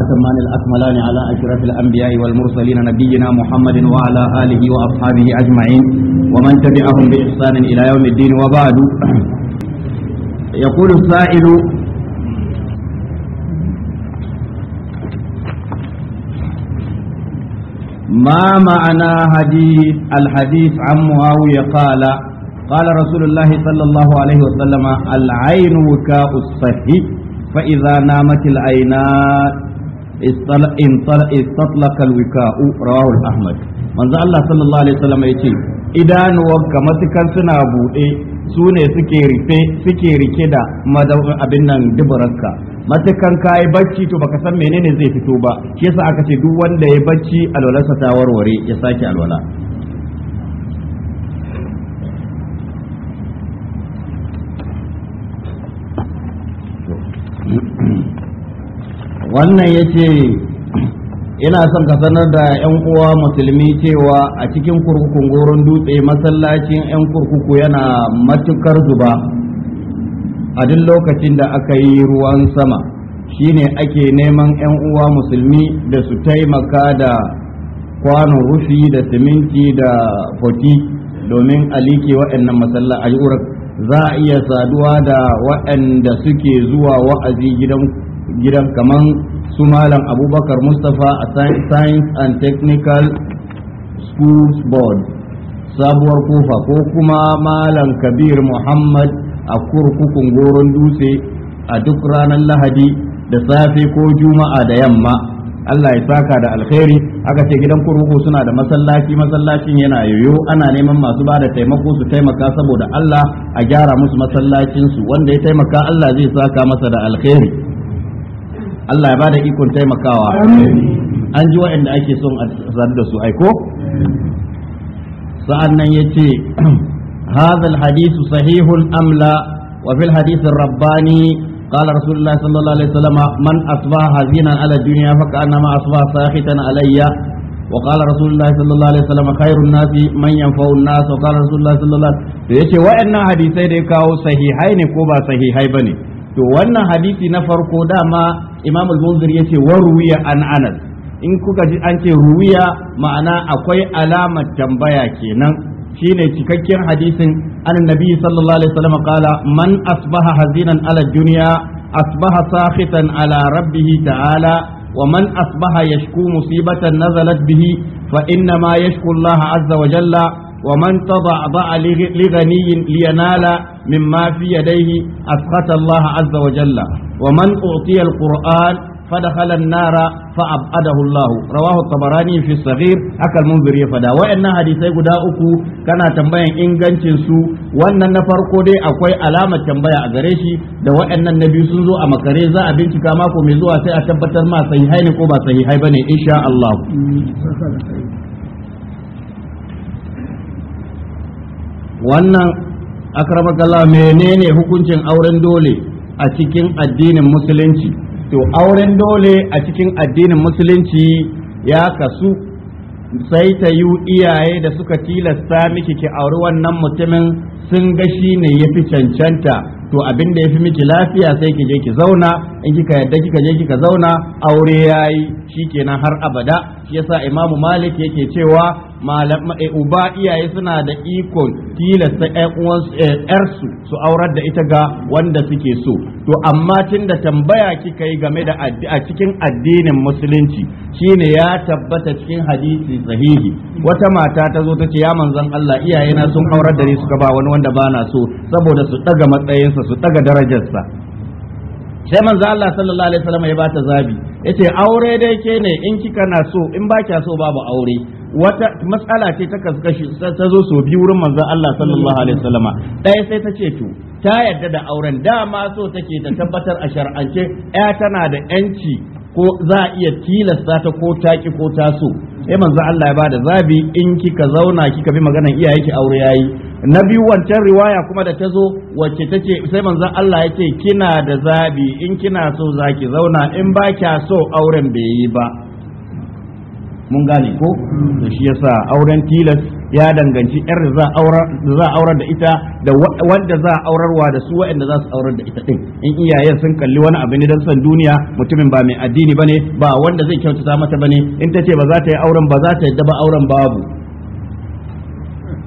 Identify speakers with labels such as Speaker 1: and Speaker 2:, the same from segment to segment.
Speaker 1: الأتمان الأكملان على أشرف الأنبياء والمرسلين نبينا محمد وعلى آله وأصحابه أجمعين ومن تبعهم بإحسان إلى يوم الدين وبعد يقول السائل ما معنى حديث الحديث عن معاوية قال قال رسول الله صلى الله عليه وسلم العين وكاء الصحي فإذا نامت العينات istatlaka alwika'u rawahu ahmad manzo Allah sallallahu alaihi wasallam yace wanka matukan suna buɗe su ne suke rife suke rike da madaukar abin nan duburanka matukan yi bacci to baka san menene zai fito ba shi yasa aka ce duk wanda ya bacci alwalarsa ta warware ya sake alwala wannan ya ce ina son ka sanar da 'yan uwa musulmi cewa a cikin kurkukun goron dutse masallacin 'yan kurkuku yana matukar zuba a duk lokacin da aka yi ruwan sama shine ake neman 'yan uwa musulmi da su taimaka da kwanon rufi da siminti da foti domin alike waɗannan masallaci za a iya saduwa da waɗanda suke zuwa wa'azi gidan gidan kaman su malam abubakar mustapha a science and technical schools board sabuwar kofa ko kuma malam kabir muhammad a kurkukun goron dutse a duk ranar lahadi da safe ko juma'a da yamma Allah ya saka da alkhairi aka ce gidan kurkuku suna da masallaci masallacin yana yoyo ana neman masu ba da taimako su taimaka saboda Allah a gyara musu masallacinsu wanda ya taimaka Allah zai saka masa da alkhairi Allah ya bada ikon taimakawa an ji waɗanda ake son a zar da su aiko sa'an nan ya ce هذا الحديث صحيح أم لا وفي الحديث الرباني قال رسول الله صلى الله عليه وسلم من أصبح حزينا على الدنيا فكأنما أصبح ساخطا علي وقال رسول الله صلى الله عليه وسلم خير الناس من ينفع الناس وقال رسول الله صلى الله عليه وسلم yace wa'annan hadisai da ya kawo sahihai ne ko ba sahihai bane to wannan hadisi na farko dama imam al-munzir yace wa ruwiya an anas in kuka ji an ce ruwiya ma'ana akwai alamar tambaya kenan shine cikakken hadisin annabi sallallahu alaihi wasallam qala man asbaha hazinan ala dunya asbaha sakhitan ala rabbih ta'ala wa ومن أصبح Bihi, fa نزلت به yashku Allah Azza wa jalla. ومن تضعضع لغني لينال مما في يديه أسخط الله عز وجل ومن أعطي القرآن فدخل النار فأبعده الله رواه الطبراني في الصغير حكى المنذر يفدا وإن حديثي قد أكو كان تنبين إنغانشن سو وأن نفرقو دي أكوي علامة تنبيا أغريشي دا وإن النبي سنزو أما كريزا أبنت كاماكو مزوها سيأتبتر ما صحيحين كوبا صحيحين بني إن شاء الله wannan akramakallah menene hukuncin auren dole a cikin addinin musulunci to auren dole a cikin addinin musulunci ya kasu sai ta yi iyaye da suka tilasta miki ki auri wannan mutumin sun ga shi ne ya fi cancanta to abin da ya fi miki lafiya sai ki je ki zauna in kika yadda kika je kika zauna aure yayi shikenan har abada shi yasa imamu malik yake cewa malam eh, uba iyaye suna da ikon tilasta eh, ƴarsu su aurar da ita ga wanda suke so to amma tun da tambaya kika yi game da a cikin addinin musulunci shine ya tabbata cikin hadisi sahihi wata mata ta zo ta ce ya manzon Allah iyayena sun aurar da ni suka ba wani wanda bana so saboda su daga matsayinsa su daga darajarsa sai manzo Allah sallallahu alaihi wasallam ya bata zabi yace aure dai ke ne in kika na so in ba kya so babu aure wata matsala ce ta kaskashi ta zo so biyu wurin manzo Allah sallallahu alaihi wasallam ɗaya sai ta ce to ta yarda da auren dama so take ta tabbatar a shar'ance ya tana da yanci ko za a iya tilasta ta ko ta ki ko ta so sai manzo Allah ya bada zabi in kika zauna kika bi magana iyaye ki aure yayi na biyu wancan riwaya kuma da ta zo wacce ta ce sai manzo Allah ya ce kina da zabi in kina so zaki zauna in ba kya so auren bai yi ba mun gane ko to shi yasa auren tilas ya danganci yar da za a aurar da ita da wanda za a aurarwa da su waɗanda za su aurar da ita din in iyayen sun kalli wani abu ne dan san duniya mutumin ba mai addini bane ba wanda zai kyautata mata bane in ta ce ba za ta yi auren ba za ta yadda ba auren babu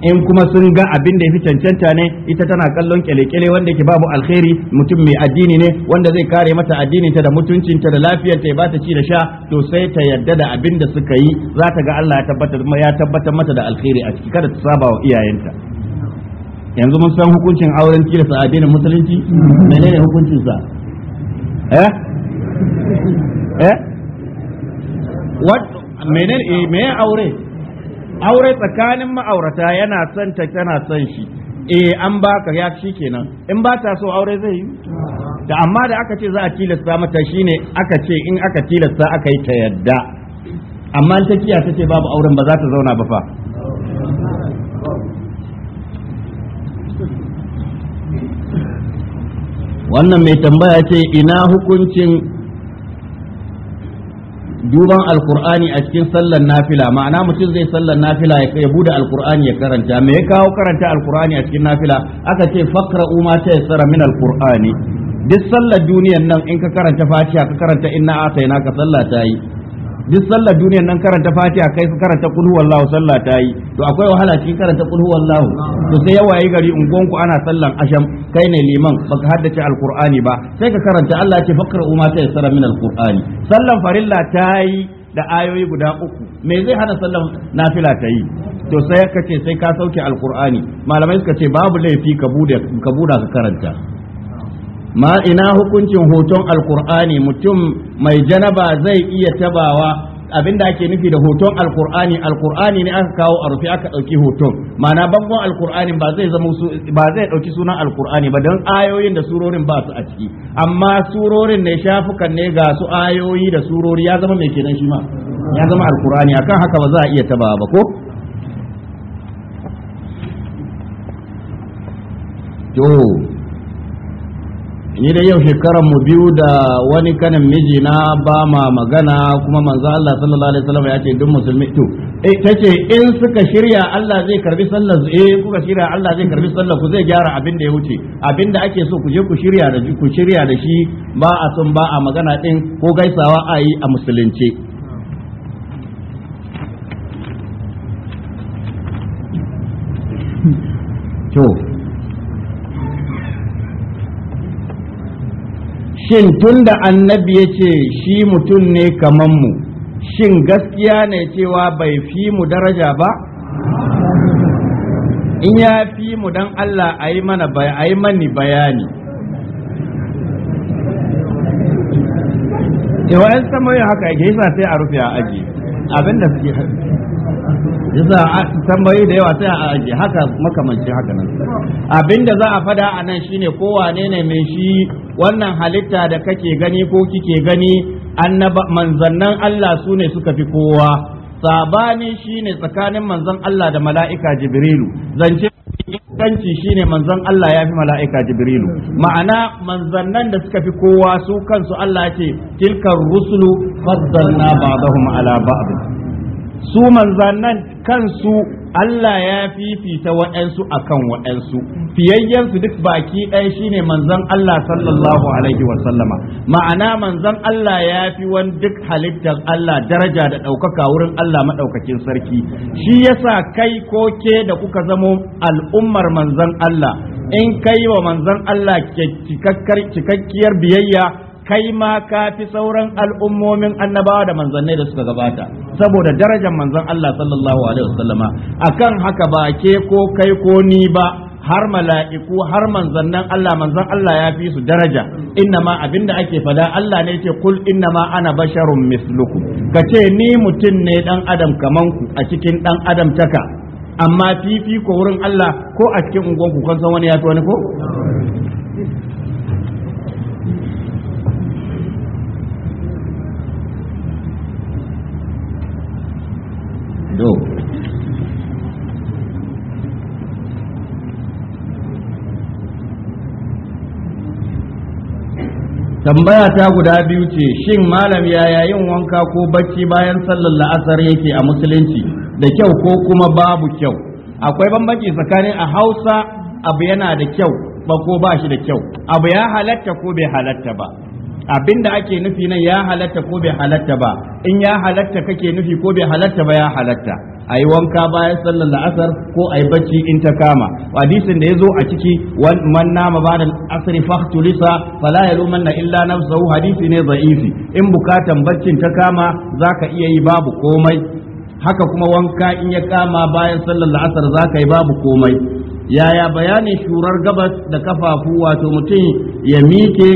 Speaker 1: in kuma sun ga abin da ya fi cancanta ne ita tana kallon kyale-kyale wanda ke babu alkhairi mutum mai addini ne wanda zai kare mata addininta ta da mutuncinta da lafiyar ta ya bata ci da sha to sai ta yarda da abin da suka yi za ta ga Allah ya tabbatar ya tabbatar mata da alkhairi a ciki kada ta saba wa iyayenta yanzu mun san hukuncin auren sa addinin musulunci menene hukuncin sa eh eh what menene eh, me aure aure tsakanin ma'aurata yana son ta tana son shi eh an baka ya shi kenan in ba ta so aure zai yi da amma da aka ce za a tilasta mata shine aka ce in aka tilasta aka yi ta yadda amma ta kiya ta ce babu auren ba za ta zauna ba fa wannan mai tambaya ce ina hukuncin duban alkur'ani a cikin sallar nafila ma'ana mutum zai sallar nafila ya bude alkur'ani ya karanta me ya kawo karanta alkur'ani a cikin nafila aka ce fakra uma ta yassara min alkur'ani duk sallar duniyar nan in ka karanta fatiha ka karanta inna ataina ka sallah ta yi duk sallar duniyar nan karanta fatiha kai su karanta kul huwallahu sallah ta yi to akwai wahala cikin karanta kul huwallahu to sai yawa yi gari ungon ku ana sallan asham kai ne liman baka haddace alqur'ani ba sai ka karanta Allah ya ce faqra'u ma yassara min alqur'ani sallan farilla ta yi da ayoyi guda uku me zai hana sallan nafila ta yi to sai ka ce sai ka sauke alqur'ani malamai suka ce babu laifi ka bude ka buda ka karanta ma ina hukuncin hoton alkur'ani mutum mai janaba zai iya tabawa abinda ake nufi da hoton alkur'ani alkur'ani ne aka kawo a rufe aka dauki hoton ma'ana bangon alkur'ani ba zai zama ba zai dauki sunan alkur'ani ba don ayoyin da surorin ba su a ciki amma surorin ne shafukan ne ga su ayoyi da surori ya zama mai kenan shi ma ya zama alkur'ani akan haka ba za a iya tabawa ba ko to ni da yau shekaran mu biyu da wani kanin miji na ba ma magana kuma manzo Allah sallallahu alaihi wasallam ya ce duk musulmi to eh tace in suka shirya Allah zai karbi sallar su eh kuka shirya Allah zai karbi sallar ku zai gyara abin da ya wuce abin da ake so ku je ku shirya da ku shirya da shi ba a son ba a magana din ko gaisawa a yi a musulunci to shin tunda annabi ya ce shi mutum ne kaman mu shin gaskiya ne cewa bai fi mu daraja ba in ya fi mu dan Allah a yi mani bayani yawa eh, yan tambayoyin haka ake yasa sai a rufe a aji abinda suke yasa tambayi da yawa sai a aji haka makamanci haka nan abinda za a fada a nan shine kowa ne ne mai shi wannan halitta da kake gani ko kike gani annaba manzannan Allah su ne suka fi kowa sabani ne tsakanin manzan Allah da mala'ika Jibrilu zance inganci ne manzan Allah ya fi mala'ika Jibrilu ma'ana manzannan da suka fi kowa su kansu Allah ce tilkar rusulu faddalna ma'ala ba su manzannan kansu Allah ya fifita waɗansu kan waɗansu fiyayyensu duk baki ɗaya shine manzon Allah sallallahu alaihi wa ma'ana manzon Allah ya fi wani duk halittar Allah daraja da ɗaukaka wurin Allah maɗaukakin sarki shi yasa kai ko ke da kuka zamo al'ummar manzon Allah in kai wa manzon Allah cikakkiyar biyayya kai ma ka fi sauran al'ummomin annabawa da manzannai da suka gabata saboda darajar manzon Allah sallallahu alaihi wasallama akan haka ba ke ko kai ko ni ba har mala'iku har manzannan Allah manzan Allah ya fi su daraja innama abinda ake fada Allah ne ce kul innama ana basharun misluku ka ce ni mutum ne dan adam kaman ku a cikin dan adam taka amma fifi ko wurin Allah ko a cikin unguwanku kan san wani ya wani ko do tambaya ta guda biyu ce shin malam yaya yin wanka ko bacci bayan sallar la'asar yake a musulunci da kyau ko kuma babu kyau akwai bambanci tsakanin a hausa abu yana da kyau ba ko ba shi da kyau abu ya halatta ko bai halatta ba abinda ake nufi nan ya halatta ko bai halatta ba in ya halatta kake nufi ko bai halatta ba ya halatta a yi wanka bayan sallar la'asar ko a yi bacci in ta kama hadisin da ya zo a ciki man nama ba da asiri fahtulisa fala ya luman na illa nafsahu hadisi ne za'ifi in bukatan baccin ta kama za ka iya yi babu komai haka kuma wanka in ya kama bayan sallar la'asar za ka yi babu komai yaya bayanin shurar gabas da kafafu wato mutum ya mike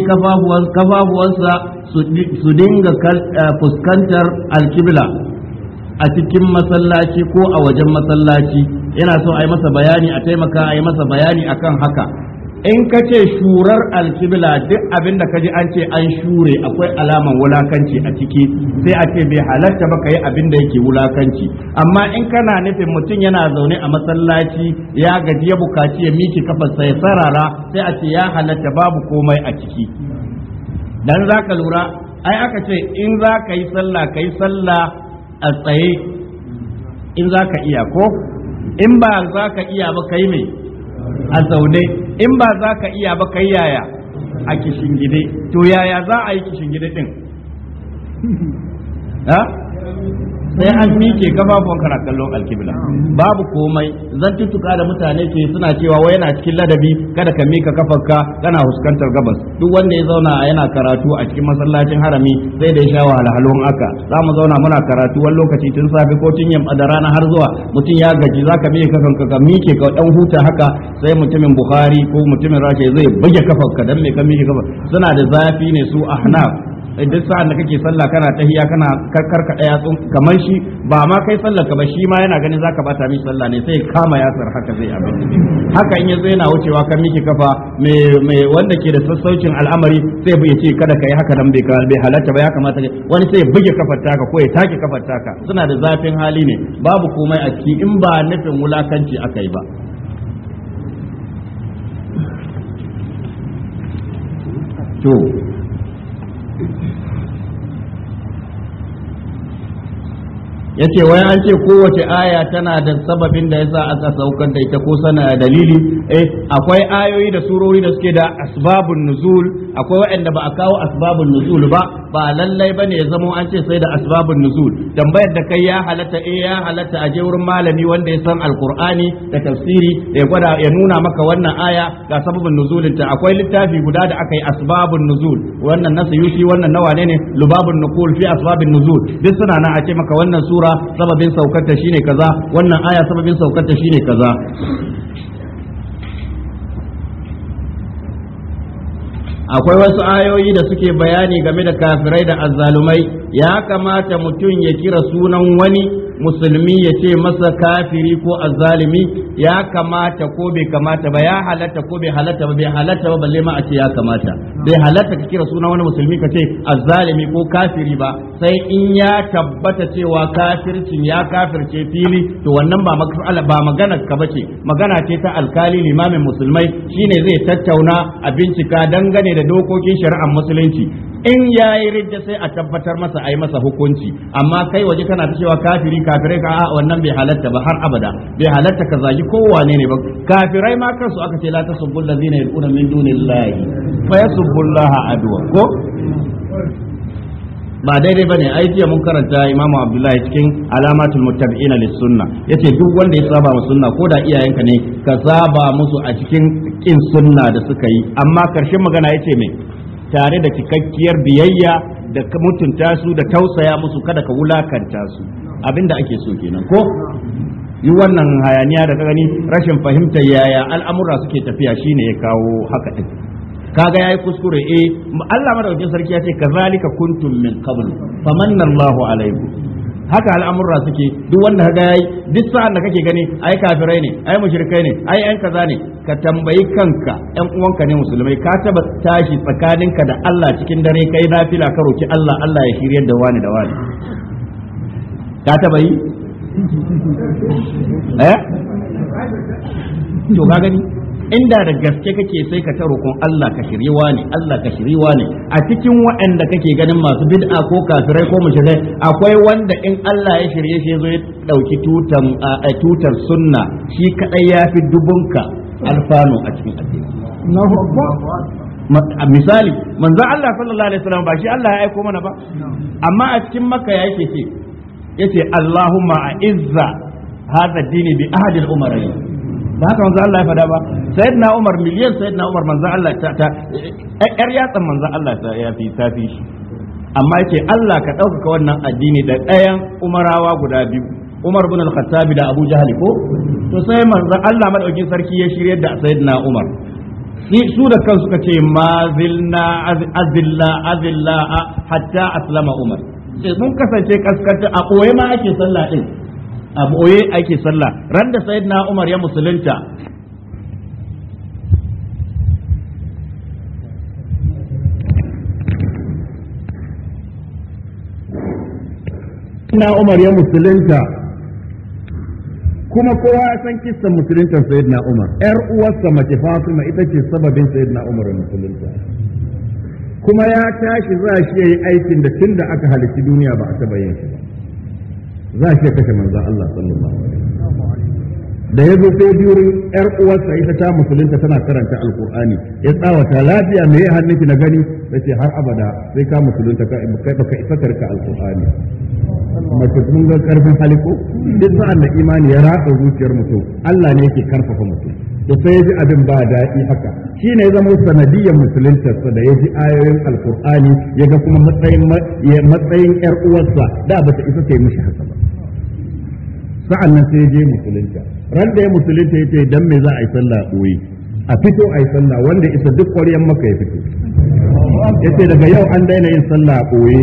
Speaker 1: kafafuwansa su dinga eh, fuskantar alkibla a cikin masallaci ko a wajen masallaci yana so a yi masa bayani a taimaka a yi masa bayani akan haka in ka ce shurar alkibla duk abin da ka ji an ce an shure akwai alaman wulakanci a ciki sai a ce bai halarta ba ka yi abin da yake wulakanci amma in kana nufin mutum yana zaune a masallaci ya gaji ya bukaci ya miki kafarsa ya sarara sai a ce ya halatta babu komai a ciki dan za ka lura ai aka ce in za ka yi sallah ka yi sallah a tsaye in za ka iya ko in ba za ka iya ba ka yi mai a zaune in ba za ka iya ba kai yaya a kishin gide to yaya za a yi kishin gide din
Speaker 2: sai an
Speaker 1: fike gababon kana kallon alkibla babu komai zantuttuka da mutane suna cewa wai yana cikin ladabi kada ka mika kafarka kana fuskantar gabas duk wanda ya zauna yana karatu a cikin masallacin harami sai da ya sha wahalhalun haka za mu zauna muna karatu wani lokaci tun safe ko tun yamma da rana har zuwa mutum ya gaji za ka mika kafanka ka miƙe ka dan huta haka sai mutumin bukhari ko mutumin rashi zai buge kafarka dan me ka mike kafa suna da zafi ne su ahnaf eh, duk sa'an da kake sallah kana tahiya kana karkada yatsun kamar shi ba ma kai sallar ka ba shi ma yana ganin zaka bata mi sallah ne sai kama yasar haka zai abin haka in yazo yana wucewa kan miki kafa mai wanda ke da sassaucin al'amari sai bai ce kada kai haka nan bai bai halatta ba ya kamata ne wani sai buge kafar taka ko ya take kafar taka suna da zafin hali ne babu komai a ciki in ba nufin wulakanci aka yi ba to yace wai an ce kowace aya tana da sababin da yasa aka saukar da ita ko sana dalili eh akwai ayoyi da surori da suke da asbabun nuzul akwai waɗanda ba a kawo asbabun nuzul ba ba lallai ne ya zamo an ce sai da asbabun nuzul tambayar da kai ya halatta eh ya halatta aje wurin malami wanda ya san alqur'ani da tafsiri ya gwada ya nuna maka wannan aya ga sababin nuzulin akwai littafi guda da aka yi asbabun nuzul wannan na yushi wannan na wane ne lubabun nuqul fi asbabin nuzul duk suna na a ce maka wannan sura sababin saukar ta shine kaza wannan aya sababin saukar ta shine kaza akwai wasu ayoyi da suke bayani game da kafirai da azzalumai ya kamata mutum ya kira sunan wani musulmi ya ce masa kafiri ko azzalumi ya kamata ko bai kamata ba ya halatta ko bai halatta ba bai halatta ba balle ma a ce ya kamata bai halatta ka kira sunan wani musulmi ka ce azzalumi ko kafiri ba sai in ya tabbata cewa kafircin ya kafirce fili to wannan ba ba magana ka bace magana ce ta alkali limamin musulmai shine zai tattauna a bincika dangane da dokokin shari'ar musulunci in ya yi rijja sai a tabbatar masa a yi masa hukunci amma kai waje kana ta cewa kafiri kafirai ka a wannan bai halatta ba har abada bai halatta ka zagi wane ne ba kafirai ma kansu aka ce la tasubbu allazina yad'una min dunillahi fa yasubbu adwa ko ba daidai ba ne ai mun karanta imamu abdullahi cikin alamatul muttabi'ina lis sunna yace duk wanda ya saba musu sunna ko da iyayenka ne ka saba musu a cikin kin sunna da suka yi amma karshen magana ya ce me tare da cikakkiyar biyayya da mutunta su da tausaya musu kada ka wulakanta su abinda ake so kenan ko yi wannan hayaniya da gani rashin fahimtar yaya al'amura suke tafiya shine ya kawo haka din kaga yayi kuskure eh Allah madaukakin sarki ya ce kazalika kuntum min qablu famanna Allahu alaikum haka al'amurra suke duk wanda kaga yayi duk sa'an da kake gani ai kafirai ne ai mushrikai ne ai yan kaza ne ka tambayi kanka yan uwanka ne musulmai ka taba tashi tsakaninka da Allah cikin dare kai nafila ka roki Allah Allah ya shiryar da wani da wani ka taba yi eh to ka gani inda da gaske kake sai ka taro kun Allah ka shiriwa ne Allah ka shiriwa ne a cikin waɗanda kake ganin masu bid'a ko kafirai ko mushrikai akwai wanda in Allah ya shirye shi zai ya dauki tutar tutar sunna shi kadai ya fi dubunka alfano a cikin addini misali manzo Allah sallallahu alaihi wasallam ba shi Allah ya aiko mana ba amma a cikin makka ya yake ce yace Allahumma a'izza hadha dini bi ahadil umarain ba haka manzo Allah ya fada ba sayyidina Umar miliyan sayyidina Umar manzo Allah ta ta eh, yar yatsan manzo Allah ya fi ta fi shi amma yake Allah ka ɗaukaka wannan addini da ɗayan umarawa guda biyu Umar bin al-Khattab da Abu Jahl ko to sai manzo Allah madaukin sarki ya shirye da sayyidina Umar ni su da kan suka ce ma zilna azilla azilla hatta aslama Umar sai mun kasance kaskanta a koye ma ake sallah din a boye ake sallah ran da sayyidina Umar ya musulunta na Umar ya musulunta kuma kowa ya san kissan musuluntar sayyidina Umar yar uwarsa mace Fatima ita ce sababin sayyidina Umar musulunta kuma ya tashi za shi yi aikin da tunda aka halitta duniya ba a taba yin shi za shi kashe manzan Allah sallallahu alaihi da ya zo sai biyu yar uwarsa ita ta musulunta tana karanta alkur'ani ya tsawata lafiya me ya hannunki na gani sai ce har abada sai ka musulunta ka kai baka isa karka alkur'ani mace mun ga karfin haliko duk sa'an da imani ya ratsa zuciyar mutum Allah ne yake karfafa mutum da sai ya ji abin ba daɗi haka shi ne zama sanadiyar musuluntarsa da ya ji ayoyin alkur'ani ya ga kuma matsayin yar uwarsa da ba ta isa ta yi mishi haka ba sa'an nan sai ya je musulunta ran da ya musulunta ya ce dan me za a yi sallah ɓoye a fito a yi sallah wanda isa duk ƙwaryen maka ya fito ya ce daga yau an daina yin sallah ɓoye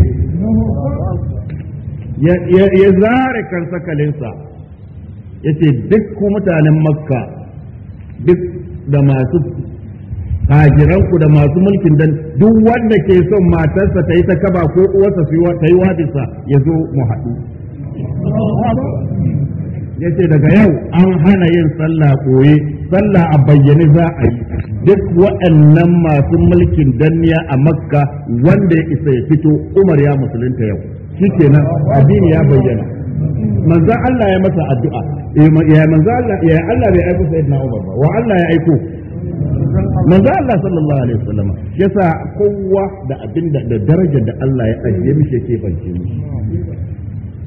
Speaker 1: ya zare kan sakalinsa ya ce duk mutanen makka duk da masu ku da masu mulkin dan duk wanda ke son matarsa ta yi ta kaba ko uwarsa ta yi wafisa ya zo mu haɗu ya ce daga yau an hana yin sallah koye sallah a bayyane za a yi duk waɗannan masu mulkin danniya a makka wanda ya isa ya fito umar ya musulunta yau shi kenan addini ya bayyana manzan Allah ya masa addu'a eh, ya manzan Allah ya Allah bai aiko na Umar ba wa Allah ya aiko manzan Allah sallallahu alaihi wasallam yasa kowa da abin da da darajar da Allah ya ajiye mishi yake bance mishi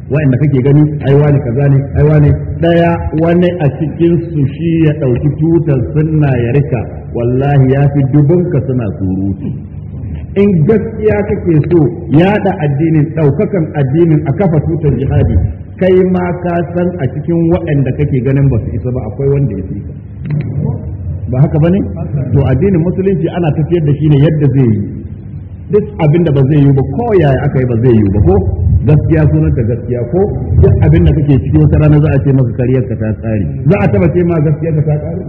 Speaker 1: wa'anda kake gani ai wani kaza ne ai wani daya wani a cikin su shi ya dauki tutar sunna ya rika wallahi ya fi dubunka suna surutu in gaskiya kake so yada addinin ɗaukakan addinin a kafa tutar jihadi kai ma ka san a cikin waɗanda kake ganin ba su isa ba akwai wanda ya isa ba haka bane to addinin musulunci ana tafiyar da shi ne yadda zai yi duk abin da ba zai yi ba ko yaya aka yi ba zai yi ba ko gaskiya sunan ka gaskiya ko duk abin da kake ciki wata rana za a ce maka kariyar ka ta tsari za a taba ce ma gaskiya ka ta tsari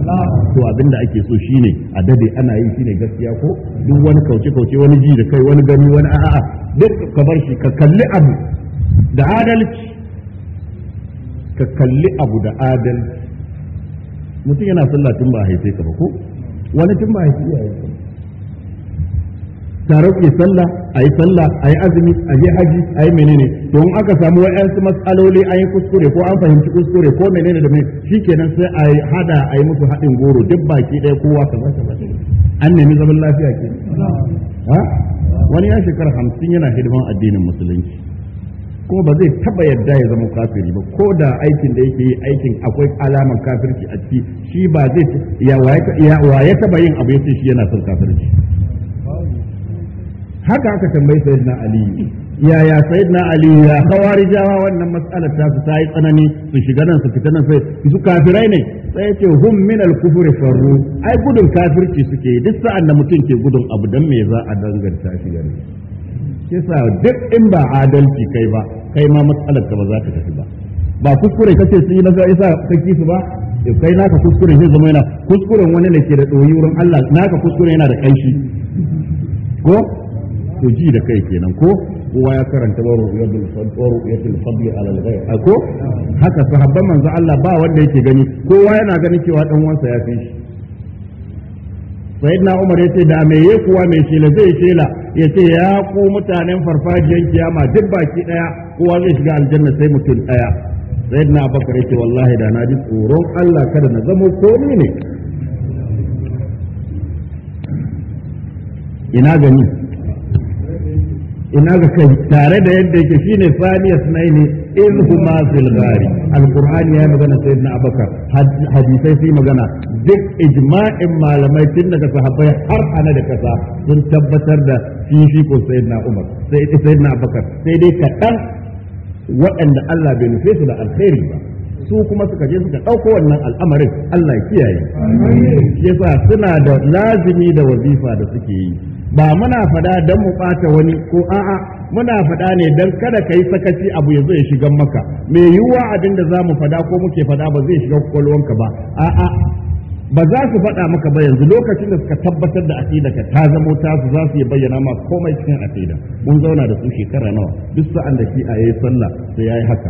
Speaker 1: to abin da ake so shine a dade ana yi shine gaskiya ko duk wani kauce kauce wani ji da kai wani gani wani a'a duk ka bar shi ka kalli abu da adalci ka kalli abu da adalci mutum yana sallah tun ba haife ka ba ko wani tun ba haife iyayen taron ya sallah a yi sallah a yi azumi a yi haji a yi menene don aka samu wa'yansu matsaloli an yi kuskure ko an fahimci kuskure ko menene da menene kenan sai a yi hada a yi musu haɗin goro duk baki ɗaya kowa kaza kaza an nemi zaman lafiya ke wani ya shekara hamsin yana hidiman addinin musulunci kuma ba zai taba yadda ya zama kafiri ba ko da aikin da yake yi aikin akwai alaman kafirci a ciki shi ba zai ya waye taba yin abu ya ce shi yana son kafirci haka aka tambayi sayyidina ali yaya sayyidina ali ya khawarijawa wannan mas'alar ta su tayi tsanani su shiga nan su fita nan sai su kafirai ne sai yace hum min al-kufr farru ai gudun kafirci suke duk sa'an da mutum ke gudun abu dan me za a danganta shi gare kisa duk in ba adalci kai ba kai ma mas'alar ka ba za ta tafi ba ba kuskure kace su yi na isa kake su ba eh, kai naka kuskure zai zama yana kuskuren wani ne ke da doyi wurin Allah naka kuskure yana da kanshi ko to ji da kai kenan ko kowa ya karanta wa ru'yatul fadl wa fadl ala al-ghayr ko haka sahabban manzo Allah ba wanda yake gani kowa yana ganin cewa dan wansa ya fi shi sayyidina Umar yace da me ya kuwa me shela zai shela yace ya ku mutanen farfajiyan kiyama duk baki daya kowa zai shiga aljanna sai mutum daya sayyidina Abubakar yace wallahi da na ji tsoron Allah kada na zama ko ne ina gani ina ga kai tare da yadda yake shine saniya ne in huma fil ghari alqur'ani ya magana sayyidina abakar hadisai sai magana duk ijma'in malamai tun daga sahabbai har ana da kasa sun tabbatar da fifiko sayyidina umar sai na abakar sai dai kaɗan waɗanda Allah bai nufe su da alkhairi ba su kuma suka je suka ɗauko wannan al'amarin Allah ya kiyaye yasa suna da lazimi da wazifa da suke yi ba muna fada don mu ɓata wani ko a'a muna fada ne don kada ka yi sakaci abu ya ya shigan maka mai yiwuwa abin da za mu fada ko muke fada ba zai shiga kwakwalwanka ba a'a ba za su faɗa maka ba yanzu lokacin da suka tabbatar da aqida ka ta zamo ta su za su yi bayyana ma komai cikin aqida mun zauna da su shekara nawa duk sa'an da shi a yi sallah sai yayi haka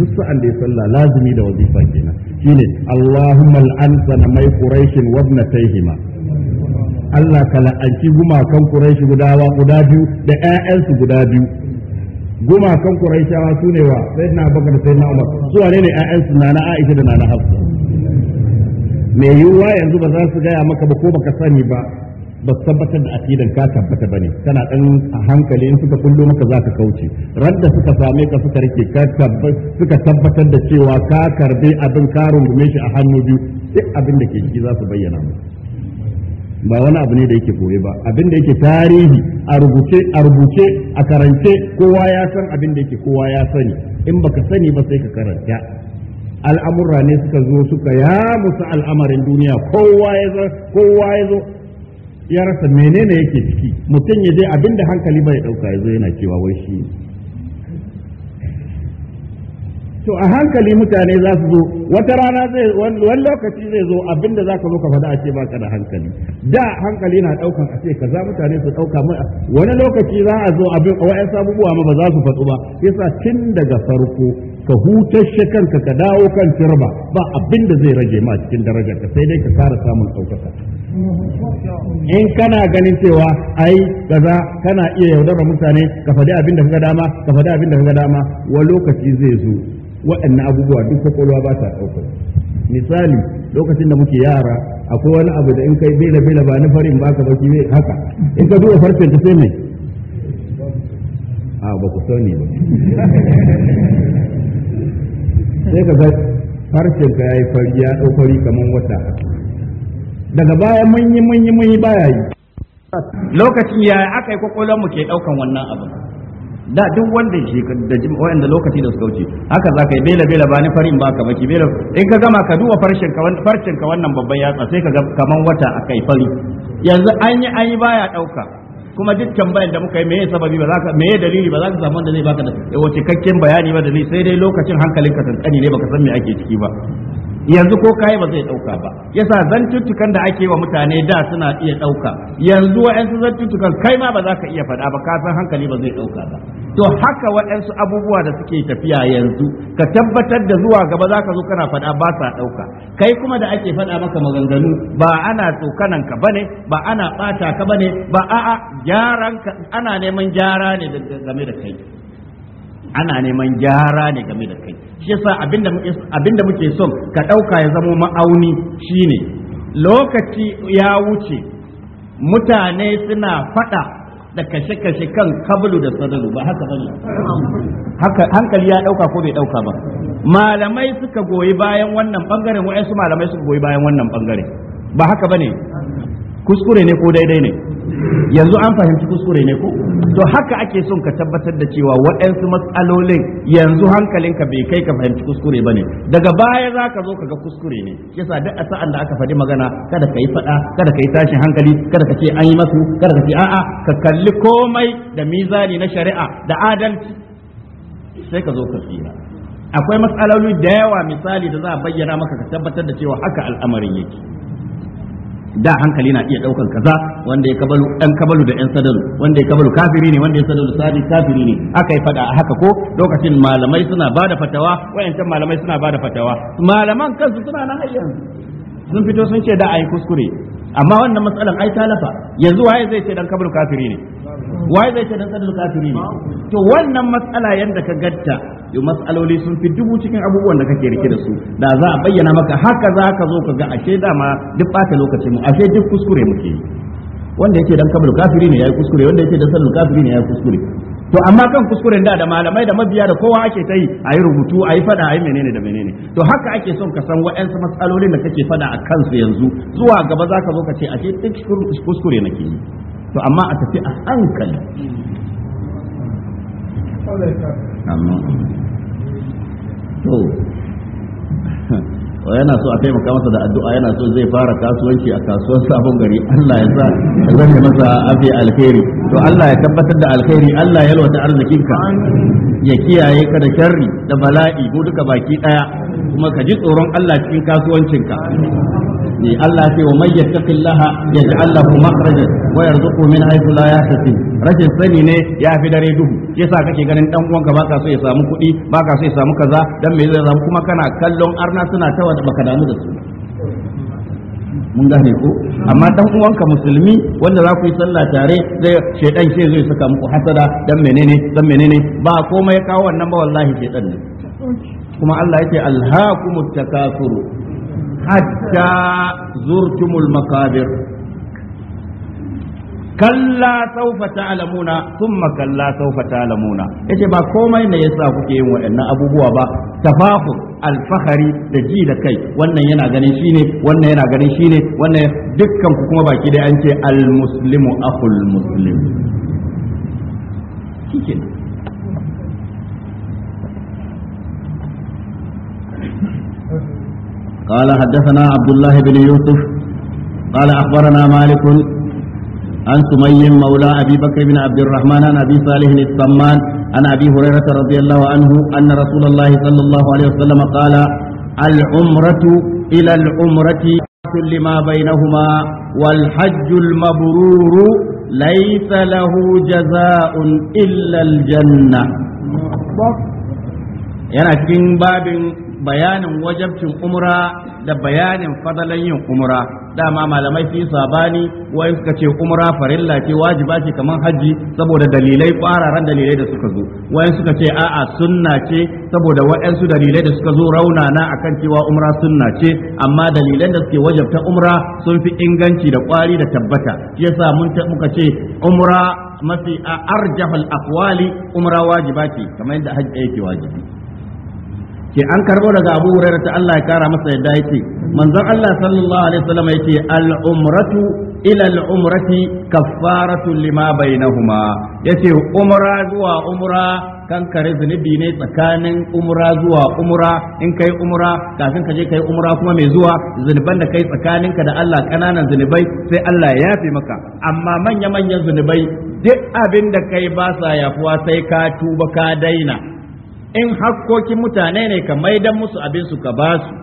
Speaker 1: duk sa'an da ya sallah lazimi da wazifa kenan shine Allahumma al'an mai quraishin wa ibnatayhima Allah ka la'anci gumakan Quraish guda wa guda biyu da su guda biyu gumakan wa su ne wa sai na da sai na Umar su wane ne ƴaƴansu nana Aisha da nana Hafsa me yiwuwa yanzu ba za su gaya maka ba ko baka sani ba ba tabbatar da akidan ka tabbata bane kana dan a hankali in suka kullo maka za ka kauce radda suka same ka suka rike ka suka tabbatar da cewa ka karbe abin ka rungume shi a hannu biyu duk abin da ke ciki za su bayyana maka ba wani abu ne da yake goye ba abin da yake tarihi a rubuce a rubuce a karance kowa ya san abin da yake kowa ya sani in baka sani ba sai ka karanta al'amurra ne suka zo suka ya musu al'amarin duniya kowa ya zo kowa ya zo ya rasa menene yake ciki mutum ya je abin da hankali bai dauka ya zo yana cewa wai shi ne to a hankali mutane za su zo wata rana zai wani lokaci zai zo abinda za ka zo ka faɗa a ce baka da hankali da hankali na ɗaukan a ce za mutane su ɗauka mai wani lokaci za a zo abin a wa'yan sabubuwa ma ba za su faɗu ba yasa tun daga farko ka hutashe kanka ka dawo kan turba ba abin zai rage ma cikin darajar ka sai dai ka fara samun ɗaukaka in kana ganin cewa ai kaza kana iya yaudarar mutane ka faɗi abin da kaga dama ka faɗi abin da kaga dama wa lokaci zai zo waɗannan abubuwa duk kwakwalwa ba ta ɗauka misali lokacin da muke yara akwai wani abu da in kai bela bela ba na farin baka ba ki haka in ka duba farfen ta sai mai a ba ku sani ba sai ka ga farcen ka yayi fari ya dau fari kamar wata daga baya manyi manyi manyi baya yi lokacin ya aka yi kwakwalwar mu ke wannan abu da duk wanda shi da wanda lokaci da suka wuce haka za ka yi bela bela ba farin ba ka baki bela in ka gama ka duba farcenka ka wannan babban yatsa sai ka ga kaman wata akai fari yanzu an yi an yi baya dauka kuma duk tambayar da muka yi meye sababi ba za ka meye dalili ba za ka zama wanda zai baka da wace kakken bayani ba dalili sai dai lokacin hankalin ka tantani ne baka san me ake ciki ba yanzu ko kai ba zai dauka ba yasa zantuttukan da ake wa mutane da suna iya dauka yanzu wa'ansu zantuttukan kai ma ba za ka iya faɗa ba ka san hankali ba zai dauka ba to haka waɗansu abubuwa da suke tafiya yanzu ka tabbatar da zuwa gaba za ka zo kana faɗa ba sa dauka kai kuma da ake faɗa maka maganganu ba ana tsokanan ka bane ba ana bata ka bane ba a'a gyaran ka ana neman gyara ne game da kai ana neman gyara ne game da kai shi yasa abinda abinda muke son ka ɗauka ya zamo ma'auni shine lokaci ya wuce mutane suna faɗa da kashe-kashe kan kabulu da sadalu ba haka bane haka hankali ya ɗauka ko bai ɗauka ba malamai suka goyi bayan wannan bangaren wa'ansu malamai suka goyi bayan wannan bangaren ba haka bane kuskure ne ko daidai ne yanzu an fahimci kuskure ne ko to haka ake son ka tabbatar da cewa waɗansu matsalolin yanzu hankalinka bai kai ka fahimci kuskure ba ne, daga baya za ka zo ka ga kuskure ne yasa duk a sa'an da aka faɗi magana kada ka yi faɗa kada ka yi tashin hankali kada ka ce an yi masu kada ka ce a'a ka kalli komai da mizani na shari'a da adalci sai ka zo ka tsira akwai matsaloli da yawa misali da za a bayyana maka ka tabbatar da cewa haka al'amarin yake da hankali na iya daukan kaza wanda ya kabalu dan kabalu da yan sadalu wanda ya kabalu kafiri ne wanda ya sadalu sadi kafiri ne aka yi fada haka ko lokacin malamai suna bada fatawa wayancan malamai suna bada fatawa malaman kansu suna nan har yanzu sun fito sun ce da ayi kuskure amma wannan matsalan ai talafa yanzu waye zai ce dan kabalu kafiri ne wai zai ce dan tsadar kafiri ne to wannan matsala yanda ka gatta yo mas'aloli sun fi dubu cikin abubuwan da kake rike da su da za a bayyana maka haka za ka zo ka ga ashe dama duk bata lokacin mu ashe duk kuskure muke wanda yake dan kabul kafiri ne yayi kuskure wanda yake dan sadar kafiri ne yayi kuskure to amma kan kuskuren da da malamai da mabiya da kowa ake ta yi a yi rubutu a yi fada a yi menene da menene to haka ake son ka san wa'yansu matsalolin da kake fada a kansu yanzu zuwa gaba za ka zo ka ce ashe duk kuskure nake yi to amma a tafi a hankali to yana so a taimaka masa da addu'a yana so zai fara kasuwanci a kasuwar sabon gari Allah ya sa zan yi masa afi alkhairi to Allah ya tabbatar da alkhairi Allah ya yalwata arzikinka ya kiyaye ka da sharri da bala'i ko duka baki daya kuma ka ji tsoron Allah cikin kasuwancinka ni Allah ce wa man yattaqillaha yaj'al lahu makhraja wa yarzuqhu min haythu la yahtasib rashin sani ne ya fi dare duhu yasa kake ganin dan uwanka ba ka so ya samu kuɗi ba ka so ya samu kaza dan me zai samu kuma kana kallon arna suna tawa da baka damu da su mun gane ko amma dan uwanka musulmi wanda za ku yi sallah tare zai shedan shi zai saka muku hasada dan menene dan menene ba komai kawo wannan ba wallahi shedan ne kuma Allah yake alhaakumut takasuru hatta zurtumul makabir kalla saufa ta'lamuna thumma kalla saufa ta'lamuna yace ba komai ne yasa kuke yin waɗannan abubuwa ba tafafur alfahari da ji da kai wannan yana ganin shine wannan yana ganin shine wannan dukkan ku kuma baki dai an ce almuslimu akhul muslim قال حدثنا عبد الله بن يوسف قال أخبرنا مالك عن سمي مولى أبي بكر بن عبد الرحمن عن أبي صالح السمان عن أبي هريرة رضي الله عنه أن رسول الله صلى الله عليه وسلم قال العمرة إلى العمرة لما بينهما والحج المبرور ليس له جزاء إلا الجنة yana cikin babin bayanin wajabcin umra da bayanin fadalan yin umra dama malamai fi sabani wai suka ce umra farilla ce wajiba ce kamar haji saboda dalilai kwararan dalilai da suka zo wai suka ce a'a sunna ce saboda waɗansu dalilai da suka zo raunana akan cewa umra sunna ce amma dalilan da suke wajabta umra sun fi inganci da kwari da tabbata yasa mun muka ce umra mafi arjahul aqwali umra wajiba ce kamar yadda haji yake wajibi ke an karbo daga Abu ta Allah ya kara masa yadda yake manzon Allah sallallahu alaihi wasallam yake al-umratu ila al-umrati kaffaratu lima bainahuma yace umra zuwa umra kan kare zunubi ne tsakanin umra zuwa umra in kai umra kafin ka je kai umra kuma mai zuwa zunuban da kai tsakaninka da Allah kananan zunubai sai Allah ya yafe maka amma manya manyan zunubai duk abin da kai ba sa yafuwa sai ka tuba ka daina in hakkokin mutane ne ka maidan musu abin su ka ba su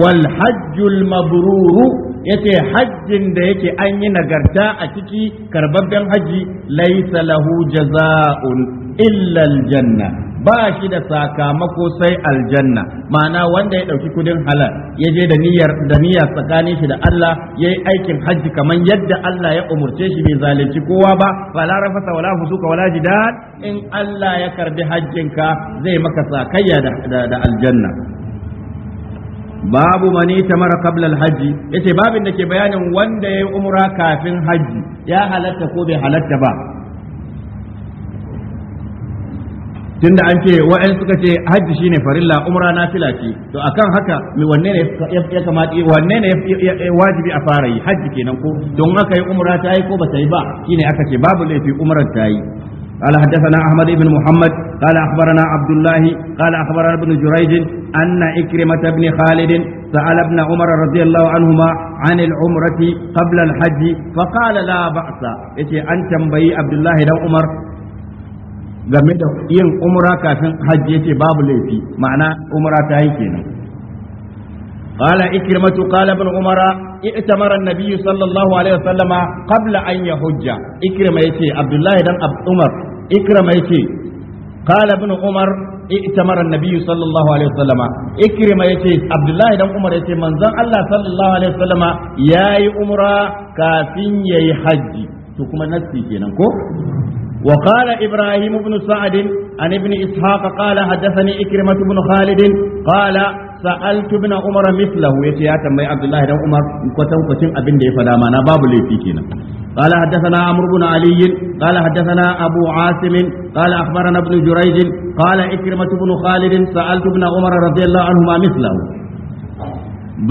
Speaker 1: wal hajjul mabruru yace hajjin da yake an yi nagarta a ciki karbabben haji laysa lahu jaza'un illa janna. ba shi da sakamako sai aljanna ma'ana wanda ya ɗauki kudin halal ya je da niyyar da niyyar tsakanin shi da Allah ya yi aikin hajji kamar yadda Allah ya umurce shi bai zalunci kowa ba fala rafasa wala fusuka wala jidal in Allah ya karbi hajjinka zai maka sakayya da aljanna babu mani tamara qabla ya yace babin da ke bayanin wanda ya yi umra kafin hajji ya halatta ko bai halatta ba tunda an ce wa'in suka ce hajji shine farilla umra fila ce to akan haka me wanne ne ya kamata wanne ne wajibi a fara yi hajji kenan ko don haka yi umra ta yi ko ba ta yi ba shine aka ce babu laifi umrar ta yi قال حدثنا أحمد بن محمد قال أخبرنا عبد الله قال أخبرنا ابن جريج أن إكرمة بن خالد سأل ابن عمر رضي الله عنهما عن العمرة قبل الحج فقال لا بأس إتي أن عبد الله بن عمر game da yin umra kafin hajji yace babu laifi ma'ana umra ta yi kenan qala ikrimatu qala ibn umara i'tamara an-nabiy sallallahu alaihi wasallama qabla an yahujja ikrima yace abdullahi dan umar ikrima yace qala ibn umar i'tamara an-nabiy sallallahu alaihi wasallama ikrima yace abdullahi dan umar yace manzon Allah sallallahu alaihi wasallama yayi umra kafin yayi hajji to kuma nassi kenan ko وقال إبراهيم بن سعد عن ابن إسحاق قال حدثني إكرمة بن خالد قال سألت ابن عمر مثله يتي يا عبد الله بن عمر كتو كتن أبن دي فلا ما باب ليفيكينا قال حدثنا عمرو بن علي قال حدثنا أبو عاصم قال أخبرنا ابن جريج قال إكرمة بن خالد سألت ابن عمر رضي الله عنهما مثله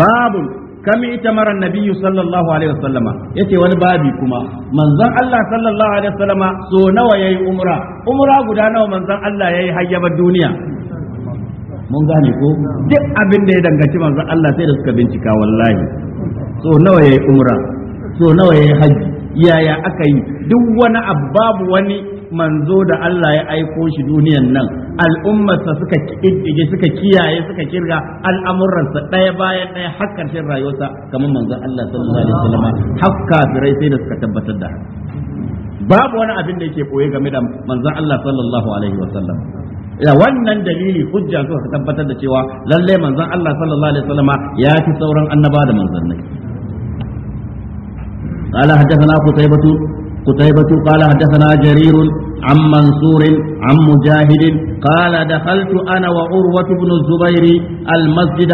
Speaker 1: باب kam itamara nabiyyu sallallahu alaihi wasallama yace wani babi kuma manzon Allah sallallahu alaihi wasallama so nawa yayi umra umra guda nawa manzon Allah yayi hayyaba duniya mun gane ko duk abin da ya danganci manzon Allah sai da suka bincika wallahi so nawa yayi umra so nawa yayi hajji? yaya aka yi duk wani abu wani manzo da Allah ya aiko shi duniyan nan al'ummarsa suka kiddige suka kiyaye suka kirga al'amuransa ɗaya bayan ɗaya har ƙarshen rayuwarsa kamar manzo Allah sallallahu alaihi wasallam har kafirai sai da suka tabbatar da babu wani abin da yake koye game da manzo Allah sallallahu alaihi wasallam ya wannan dalili hujja suka tabbatar da cewa lalle manzon Allah sallallahu alaihi wasallam ya fi sauran annaba da manzannai قال حدثنا قتيبة قتيبة قال حدثنا جرير عن منصور عن مجاهد قال دخلت أنا وعروة بن الزبير المسجد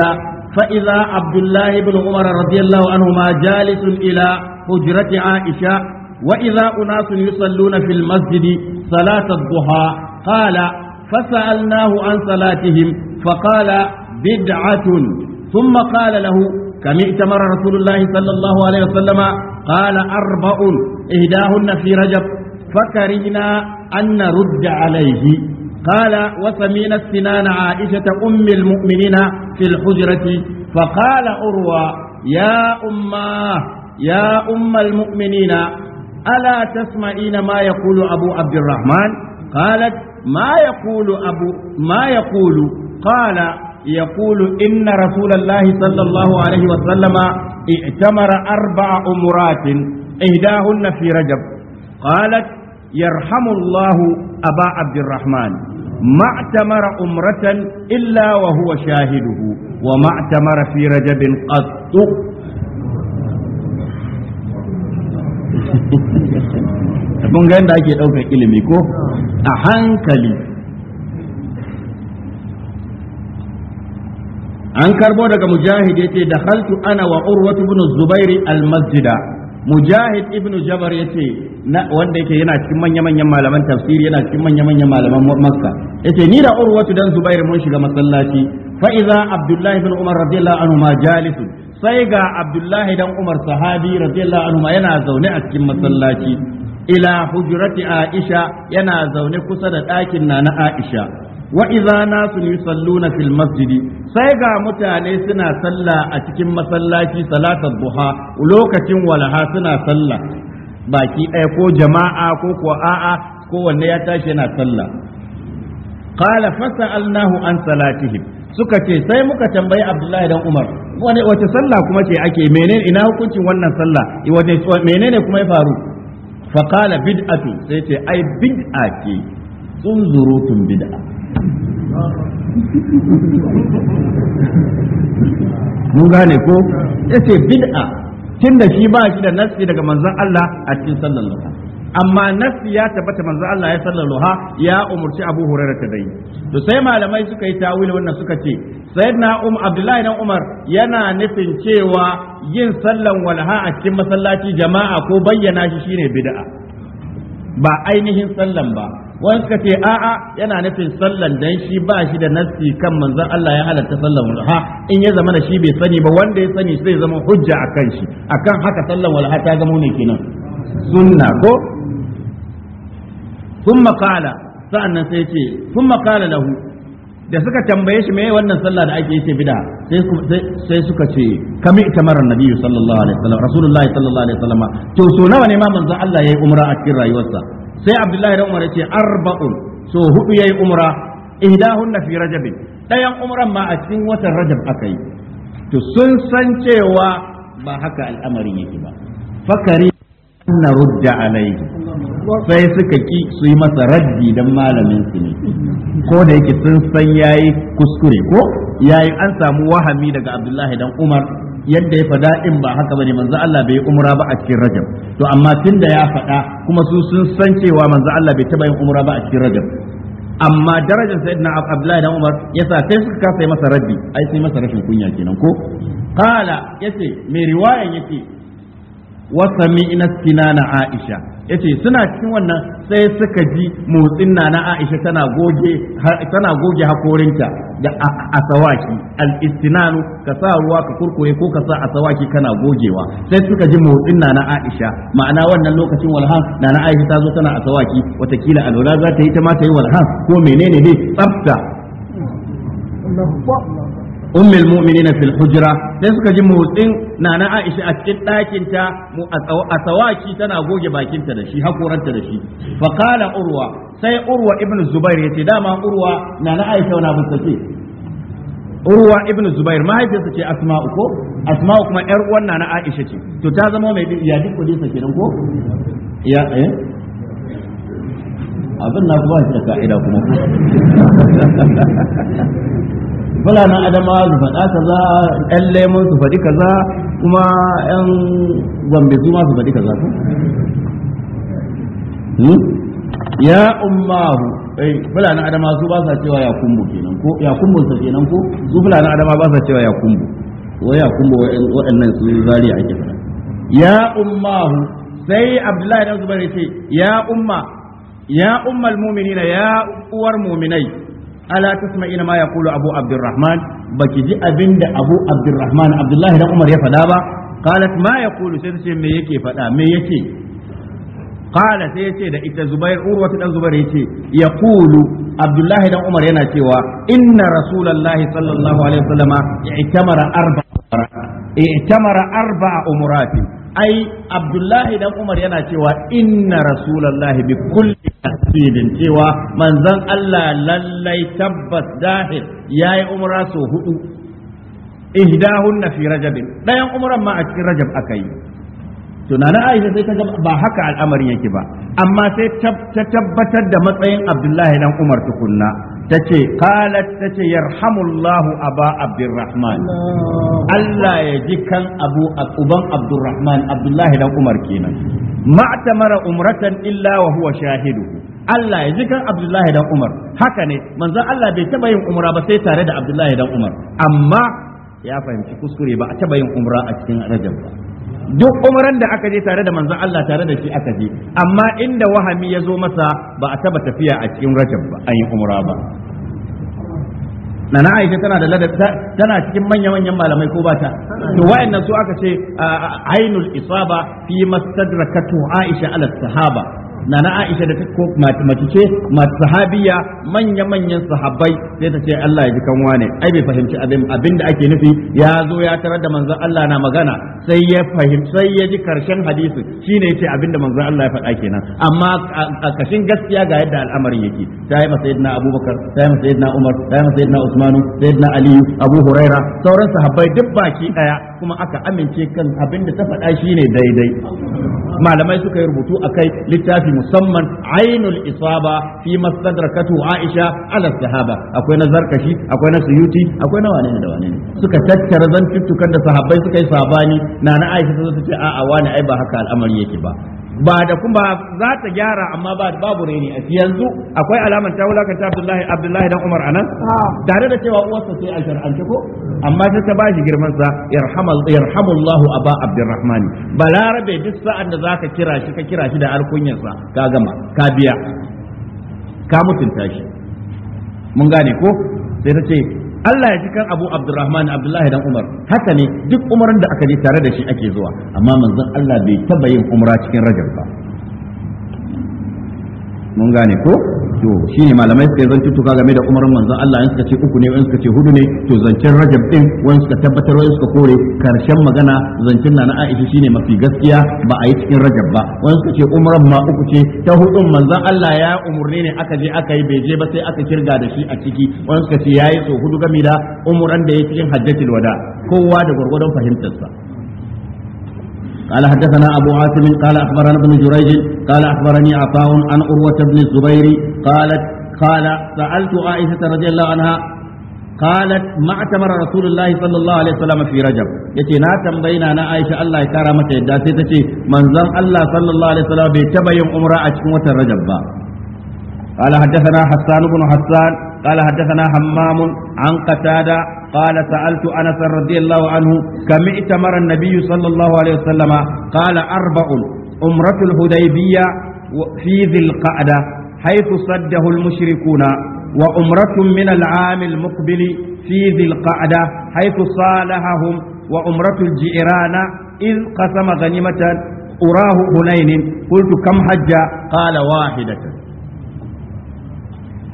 Speaker 1: فإذا عبد الله بن عمر رضي الله عنهما جالس إلى حجرة عائشة وإذا أناس يصلون في المسجد صلاة الضحى قال فسألناه عن صلاتهم فقال بدعة ثم قال له سمعت مر رسول الله صلى الله عليه وسلم قال أربع إهداهن في رجب فكرهنا أن نرد عليه قال وسمينا السنان عائشة أم المؤمنين في الحجرة فقال أروى يا أمة يا أم المؤمنين ألا تسمعين ما يقول أبو عبد الرحمن قالت ما يقول أبو ما يقول قال يقول إن رسول الله صلى الله عليه وسلم ائتمر أربع أمرات إهداهن في رجب قالت يرحم الله أبا عبد الرحمن ما اعتمر أمرة إلا وهو شاهده وما اعتمر في رجب قط mun ga yadda ake ɗaukar ilimi ko a hankali an karbo daga mujahid yace dakhaltu ana wa urwatu ibn zubairi al masjida mujahid ibn jabar yace wanda yake yana cikin manya manyan malaman tafsiri yana cikin manya manyan malaman makka yace ni da urwatu dan zubair mun shiga masallaci fa idza abdullahi ibn umar radiyallahu anhu ma jalisu sai ga abdullahi dan umar sahabi radiyallahu anhu yana zaune a cikin masallaci ila hujrati aisha yana zaune kusa da ɗakin na na aisha wa idza nasu yusalluna fil masjidi sai ga mutane suna salla a cikin masallaci salatar duha lokacin walaha suna salla baki ɗaya ko jama'a ko ko a'a wanne ya tashi yana sallah qala fasa'alnahu an salatihim suka ce sai muka tambayi abdullahi dan umar wani wace sallah kuma ce ake menene ina hukuncin wannan sallah menene kuma ya faru qala bid'atu sai ce ai bid'a ce tsunzurutun bid'a mun gane ko Ya ce bid'a tunda shi ba shi da nasi daga manzan Allah a cikin sallar amma nasi ya tabbata manzan Allah ya sallar duha ya umarci Abu hurara ta dai to sai malamai suka yi tawili wannan suka ce na Um Abdullahi dan Umar yana nufin cewa yin sallar walha a cikin masallaci jama'a ko bayyana shi shine bid'a ba ainihin sallan ba wani suka ce a'a yana nufin sallan dan shi ba shi da nassi kan manzon Allah ya halatta sallan walha in ya zama da shi bai sani ba wanda ya sani zai zama hujja akan shi akan haka sallan walha ta zama ne kenan sunna ko thumma qala sa'annan sai ce thumma qala lahu da suka tambaye shi meye wannan sallah da ake yace bid'a sai sai suka ce kami itamara nabiyyu sallallahu alaihi wasallam rasulullahi sallallahu alaihi wasallam to so nawa ne ma manzon Allah yayi umra a cikin rayuwarsa sai abdullahi da umar ya ce arba'un so hudu yayi umra ihdahunna fi rajab Ɗayan umran ma a cikin watan rajab aka yi to sun san cewa ba haka al'amarin yake ba fakari na rudda alaihi sai suka ki su yi masa raddi dan malamin su ne ko da yake sun san yayi kuskure ko yayi an samu wahami daga abdullahi dan umar yadda ya faɗa in ba haka bane manzo Allah bai umra ba a cikin Rajab to amma tunda ya faɗa kuma su sun san cewa manzo Allah bai taɓa yin umra ba a cikin Rajab amma darajar sayyidina Abdullahi dan Umar yasa sai suka kasa masa rabbi ai sai masa rashin kunya kenan ko qala yace mai riwayan yace wa sami'na sinana aisha yace suna cikin wannan sai suka ji motsin na aisha tana goge tana goge hakorinta da asawaki al-istinanu ka sa ruwa ka kurkure ko ka sa asawaki kana gogewa sai suka ji motsin na na aisha ma'ana wannan lokacin walhan na na aisha ta zo tana asawaki watakila alwala za ta yi ta ma ta yi walhan ko menene ne tsafta ummul mu'minina fil hujra sai suka ji motsin nana Aisha a cikin ɗakin ta mu a sawaki tana goge bakinta da shi hakoranta da shi fa qala urwa sai urwa ibnu zubair yace dama urwa nana Aisha wani abin sace urwa ibnu zubair mahaifiyarsa ce asma'u ko asma'u kuma yar uwan nana Aisha ce to ta zama mai ya duk kudi sa kenan ko ya eh abin na ba shi da ka'ida kuma fulanan Adama su faɗa kaza ƴan lemon su faɗi kaza kuma ƴan gwambe su ma su faɗi kaza hmm? ya ummahu ai eh, fulanan adama su ba sa cewa ya kumbu kenan ko ya kumbu sa kenan ko su fulanan adama ba sa cewa ya kumbu wai ya kumbu waɗannan su zariya ake faɗa ya ummahu sai abdullahi dan zubair ya ce ya umma ya ummal mu'minina ya uwar mu'minai ala tasma'ina ma yaqulu abu abdurrahman baki ji abinda abu abdurrahman abdullahi dan umar ya fada ba qalat ma yaqulu sai ce me yake faɗa me yake qala sai yace da ita zubair urwa dan zubair yace yaqulu abdullahi dan umar yana cewa inna rasulullahi sallallahu alaihi wasallama i'tamara arba'a i'tamara arba'a umratin ai abdullahi dan umar yana cewa inna rasulullahi bi kulli asibin cewa manzon Allah lallai tabbas dahil yayi umra so hudu ihdahun fi rajab dayan umran ma a cikin rajab akai tunanin Aisha sai ta ga ba haka al'amarin yake ba amma sai ta tabbatar da matsayin Abdullahi dan Umar tukunna tace qalat tace yarhamullahu aba abdurrahman Allah ya ji kan abu uban abdurrahman abdullahi dan umar kenan Mata mara umratan illa wa huwa shahidu Allah ya ji kan abdullahi dan umar haka ne manzon Allah bai taɓa yin umra ba sai tare da abdullahi dan umar amma ya fahimci kuskure ba a taba yin umra a cikin rajab duk umran da aka je tare da manzon Allah tare da shi aka je amma inda wahami ya zo masa ba a taba tafiya a cikin rajab ba an yi umra ba nana aisha tana da tana cikin manya manyan malamai ko bata to wayannan su aka ce ainul isaba fi masadrakatu aisha ala sahaba nana Aisha da ko mace ce sahabiya manya manyan sahabbai sai ta ce Allah ya ji kan wane ai bai fahimci abin abin da ake nufi ya zo ya tarar da manzon Allah na magana sai ya fahimci sai ya ji karshen hadisi shine yace abin da manzon Allah ya faɗa kenan amma a kashin gaskiya ga yadda al'amari yake ta yi sayyidina Abubakar ta yi sayyidina Umar ta yi sayyidina Usman sayyidina Ali Abu Huraira sauran sahabbai duk baki daya kuma aka amince kan abin da ta faɗa shine daidai malamai suka yi rubutu akai littafi musamman ainul isaba fi mastadrakatu aisha ala sahaba akwai na zarkashi akwai na suyuti akwai na wane da wane suka tattara zantuttukan da sahabbai suka yi sabani na na aisha ta ce a'a wani ai ba haka al'amari yake ba ba da kuma za ta gyara amma ba da babu reni a yanzu akwai alamar ta ta Abdullahi Abdullahi dan Umar anan ah. tare da cewa uwarsa sai a shar'ance ko amma sai ta bashi girman sa yarhamul yarhamullahu aba Abdurrahman balarabe duk sa'an da zaka kira shi ka kira shi da alkunyar sa ka gama ka biya ka mutunta shi mun gane ko sai ta ce Allah ya ji kan Abu Abdurrahman Abdullahi dan Umar haka ne duk umaran da aka je tare da shi ake zuwa amma manzon Allah bai taba yin umra cikin Rajab ba mun gane ko to shine malamai suka yi game da umarin manzon Allah in suka ce uku ne wani suka ce hudu ne to zancen Rajab din wani suka tabbatar wani suka kore karshen magana zancen na na Aisha shine mafi gaskiya ba a yi cikin Rajab ba wani suka ce umran ma uku ce ta hudun manzon Allah ya umarni ne aka je aka yi bai je ba sai aka kirga da shi a ciki wani suka ce yi so hudu gami da umran da ya cikin Hajjatul Wada kowa da gwargwadon fahimtarsa قال حدثنا أبو عاصم قال أخبرنا ابن جريج قال أخبرني عطاء عن عروة بن الزبير قالت قال سألت عائشة رضي الله عنها قالت ما اعتمر رسول الله صلى الله عليه وسلم في رجب yace na tambayi na Aisha Allah ya kara mata yadda sai tace manzon Allah sallallahu alaihi wasallam bai taba yin umra a cikin watan Rajab ba قال حدثنا حسان بن حسان قال حدثنا همام عن قتادة قال سألت أنس رضي الله عنه كم ائتمر النبي صلى الله عليه وسلم قال أربع أمرة الهديبية في ذي القعدة حيث صده المشركون وأمرة من العام المقبل في ذي القعدة حيث صالحهم وأمرة الجئران إذ قسم غنيمة أراه هنين قلت كم حج قال واحدة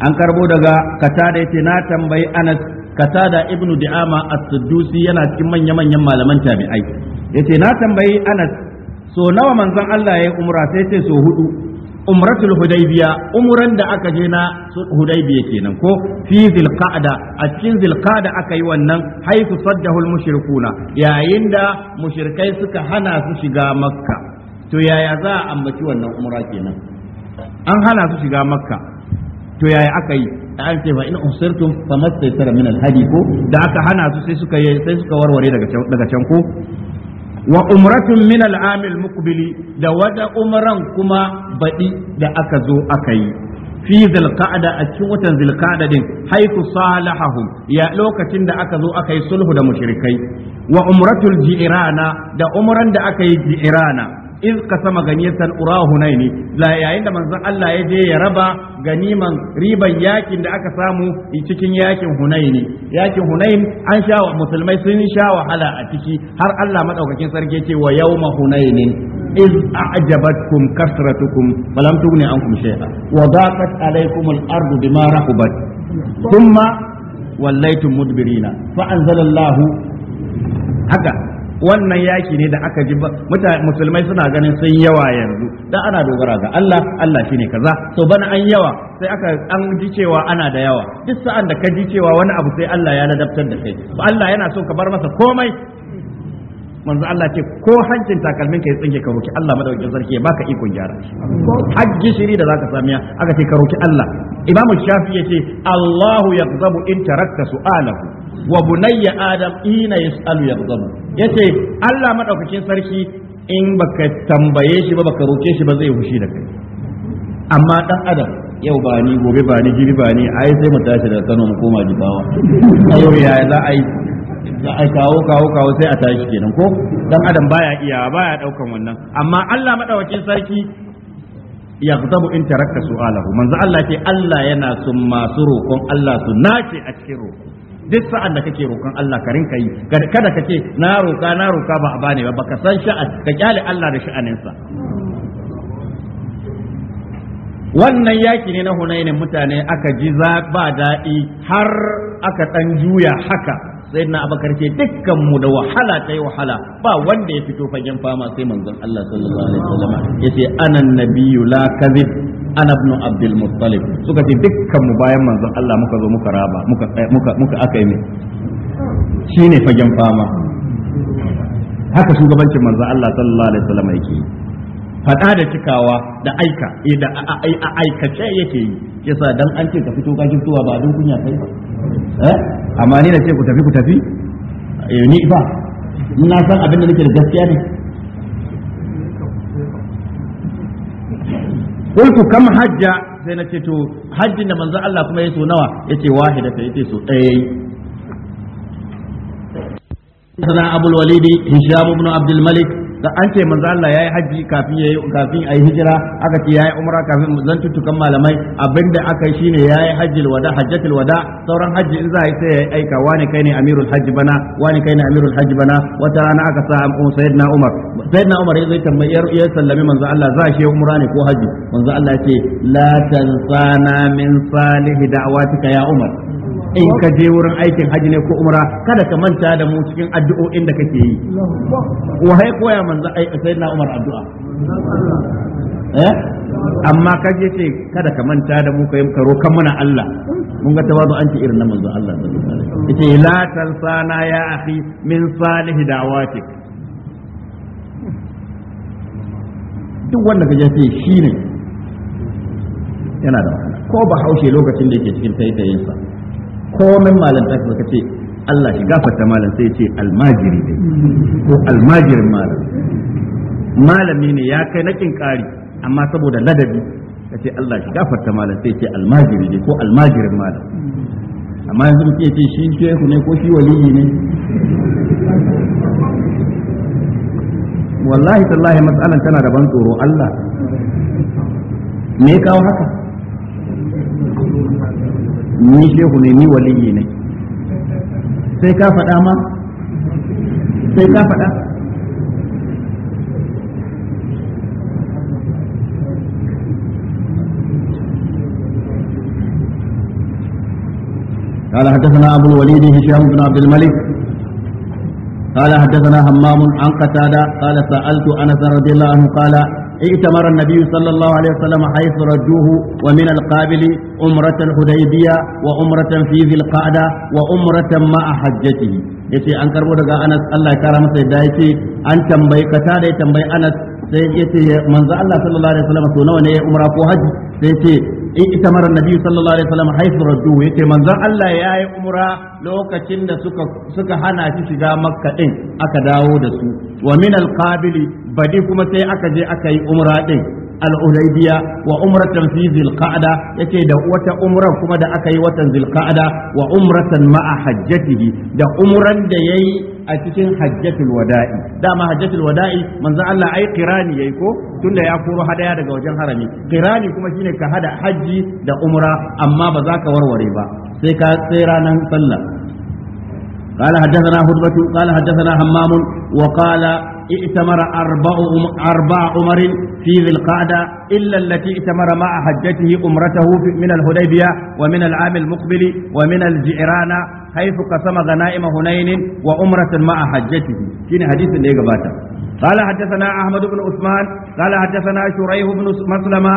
Speaker 1: an karbo daga kata da na tambayi anas katada ibnu di'ama as-siddusi yana cikin manya-manyan malaman tabi'ai yace na tambayi anas so nawa manzon Allah ya umra sai ce so hudu umratul hudaybiya umran da aka je na hudaybiya kenan ko fi zilqa'da a cikin zilqa'da aka yi wannan haifu saddahu mushrikuna yayin da mushrikai suka hana su shiga makka to yaya za a ambaci wannan umra kenan an hana su shiga makka to yaya aka yi an ce fa in usirtum famastaysara min alhadi ko da aka hana su sai suka sai suka warware daga can daga can ko wa umratun min al'amil muqbili da wada umran kuma badi da aka zo aka yi fi zilqa'da a cikin watan zilqa'da din haiku salahahum ya lokacin da aka zo aka yi sulhu da mushrikai wa umratul ji'rana da umran da aka yi ji'rana iz sama ganiyatan ura hunaini la yayin da manzon Allah ya je ya raba ganiman riban yakin da aka samu cikin yakin hunaini yakin hunain an sha wa musulmai sun sha wahala a ciki har Allah madaukakin sarki ce wa yawma hunainin iz a'jabatkum kasratukum falam tughni ankum shay'a wa daqat alaykum al-ardu bima rahubat thumma wallaytum mudbirina fa anzalallahu haka wannan yaki ne da aka ji musulmai suna ganin sun yawa yanzu dan ana dogara ga Allah Allah shine kaza to bana an yawa sai aka an ji cewa ana da yawa duk sa'an da ka ji cewa wani abu sai Allah ya ladabtar da kai Allah yana so ka bar masa komai manzo Allah ce ko hancin takalmin ka ya tsinke ka roki Allah madaukakin sarki ya baka ikon gyara shi hajji shiri da zaka samiya aka ce ka roki Allah Imam Shafi yace Allahu yaqdabu in tarakta su'alahu wa bunayya adam ina yasalu yaghdabu yace Allah madaukakin sarki in baka tambaye shi ba baka roke shi ba zai hushi da kai amma dan adam yau ba ni gobe ba ni jibi ba ni ai sai mu tashi daga Kano mu koma Jibawa yau ya za a yi za a kawo kawo kawo sai a tashi kenan ko dan adam baya iya baya daukan wannan amma Allah madaukakin sarki ya gudabu in tarakka su'alahu manzo Allah ke Allah yana son masu roƙon Allah su nace a cikin roƙo duk sa'an da kake roƙon Allah ka rinka yi kada ka ce na roƙa na roƙa ba a bani ba baka san sha'an ka kyale Allah da sha'aninsa wannan yaki ne na hunainin mutane aka ji za ba daɗi har aka ɗan juya haka sai na abakar ce dukkan mu da wahala ta yi wahala ba wanda ya fito fagen fama sai manzon Allah sallallahu alaihi wasallam yace anan nabiyyu la kadhib ana ibn abdul muttalib suka ce dukkan mu bayan manzon Allah muka zo muka raba muka eh, muka muka aka yi shine fagen fama haka shugabancin manzon Allah sallallahu alaihi wasallam yake fada da cikawa da aika eh, da aikace yake yi yasa dan an ce ka fito ka fitowa ba don kunya kai ba eh amma ni na ce ku tafi ku tafi ba eh, san abin da nake da gaskiya ne Kulku kam hajja sai na ce to hajjin da manzo Allah kuma yayi so nawa yace wahida ta yace so ɗaya حدثنا أبو الوليد هشام بن Abdul الملك da an ce manzo Allah yayi haji kafin yayi kafin ayi hijira aka ce yayi umra kafin zan tutukan malamai abinda aka yi shine yayi hajjil wada hajjatul wada sauran hajji in za a yi sai yayi aika wani kai ne amirul hajji bana wani kai ne amirul hajji bana wata rana aka sa amku sayyidina umar sayyidina umar ya zai tambayi ya sallami manzo Allah za shi umra ne ko haji manzo Allah ya ce la tansana min da da'watika ya umar in ka je wurin aikin hajji ne ko umra kada ka manta da mu cikin addu'o'in da kake yi wa hai koya manzo ai na umar addu'a eh amma ka je ce kada ka manta da mu kai karo kan mana Allah mun ga tawazu an ce irin na manzo Allah sallallahu alaihi wasallam yace la talsana ya akhi min salih dawatik duk wanda ka je shi shine yana da ko ba haushe lokacin da yake cikin taitayinsa komin malam ta ka ce Allah shi gafarta malam sai ce almajiri ne
Speaker 2: ko almajirin malam
Speaker 1: malami ne ya kai nakin kari amma saboda ladabi ka ce Allah shi gafarta malam sai ce almajiri ne ko almajirin malam amma yanzu mutum ya ce shi shehu ne ko shi waliyi ne wallahi tallahi matsalan tana da ban tsoro Allah me kawo haka ni shehu ne ni waliyi ne sai ka faɗa ma sai ka faɗa قال حدثنا أبو الوليد هشام بن عبد الملك قال حدثنا همام عن قتادة قال سألت أنس رضي الله عنه قال ائتمر النبي صلى الله عليه وسلم حيث ردوه ومن القابل عمرة الحديبية وعمرة في ذي القعدة وعمرة مع حجته yace an karbo daga Anas Allah ya kara masa yadda yace an tambayi kata da ya tambayi Anas sai yace manzo Allah sallallahu alaihi wasallam to nawa ne umra ko haji sai yace mara nabi sallallahu alaihi wasallam haythu radduhu yace manzon Allah yayi umra lokacin da suka suka hana shi shiga makka din aka dawo da su wa min alqabili badi kuma sai aka je aka yi umra din al wa umratan fi zilqa'da yace da wata umran kuma da aka yi watan zilqa'da wa umratan ma'a hajjatihi da umran da yayi a cikin hajjatul wada'i dama hajjatul wada'i manzo Allah ai qirani yayi ko tunda ya koro hadaya daga wajen harami qirani kuma shine ka hada haji da umra amma ba za ka warware ba sai ka sai ranan sallah قال حدثنا هدبة قال حدثنا همام وقال ائتمر أربع أربع عمر في ذي القعدة إلا التي ائتمر مع حجته أمرته من الهديبية ومن العام المقبل ومن الجئران حيث قسم غنائم هنين وأمرة مع حجته كين حديث اللي قال حدثنا أحمد بن عثمان قال حدثنا شريح بن مسلمة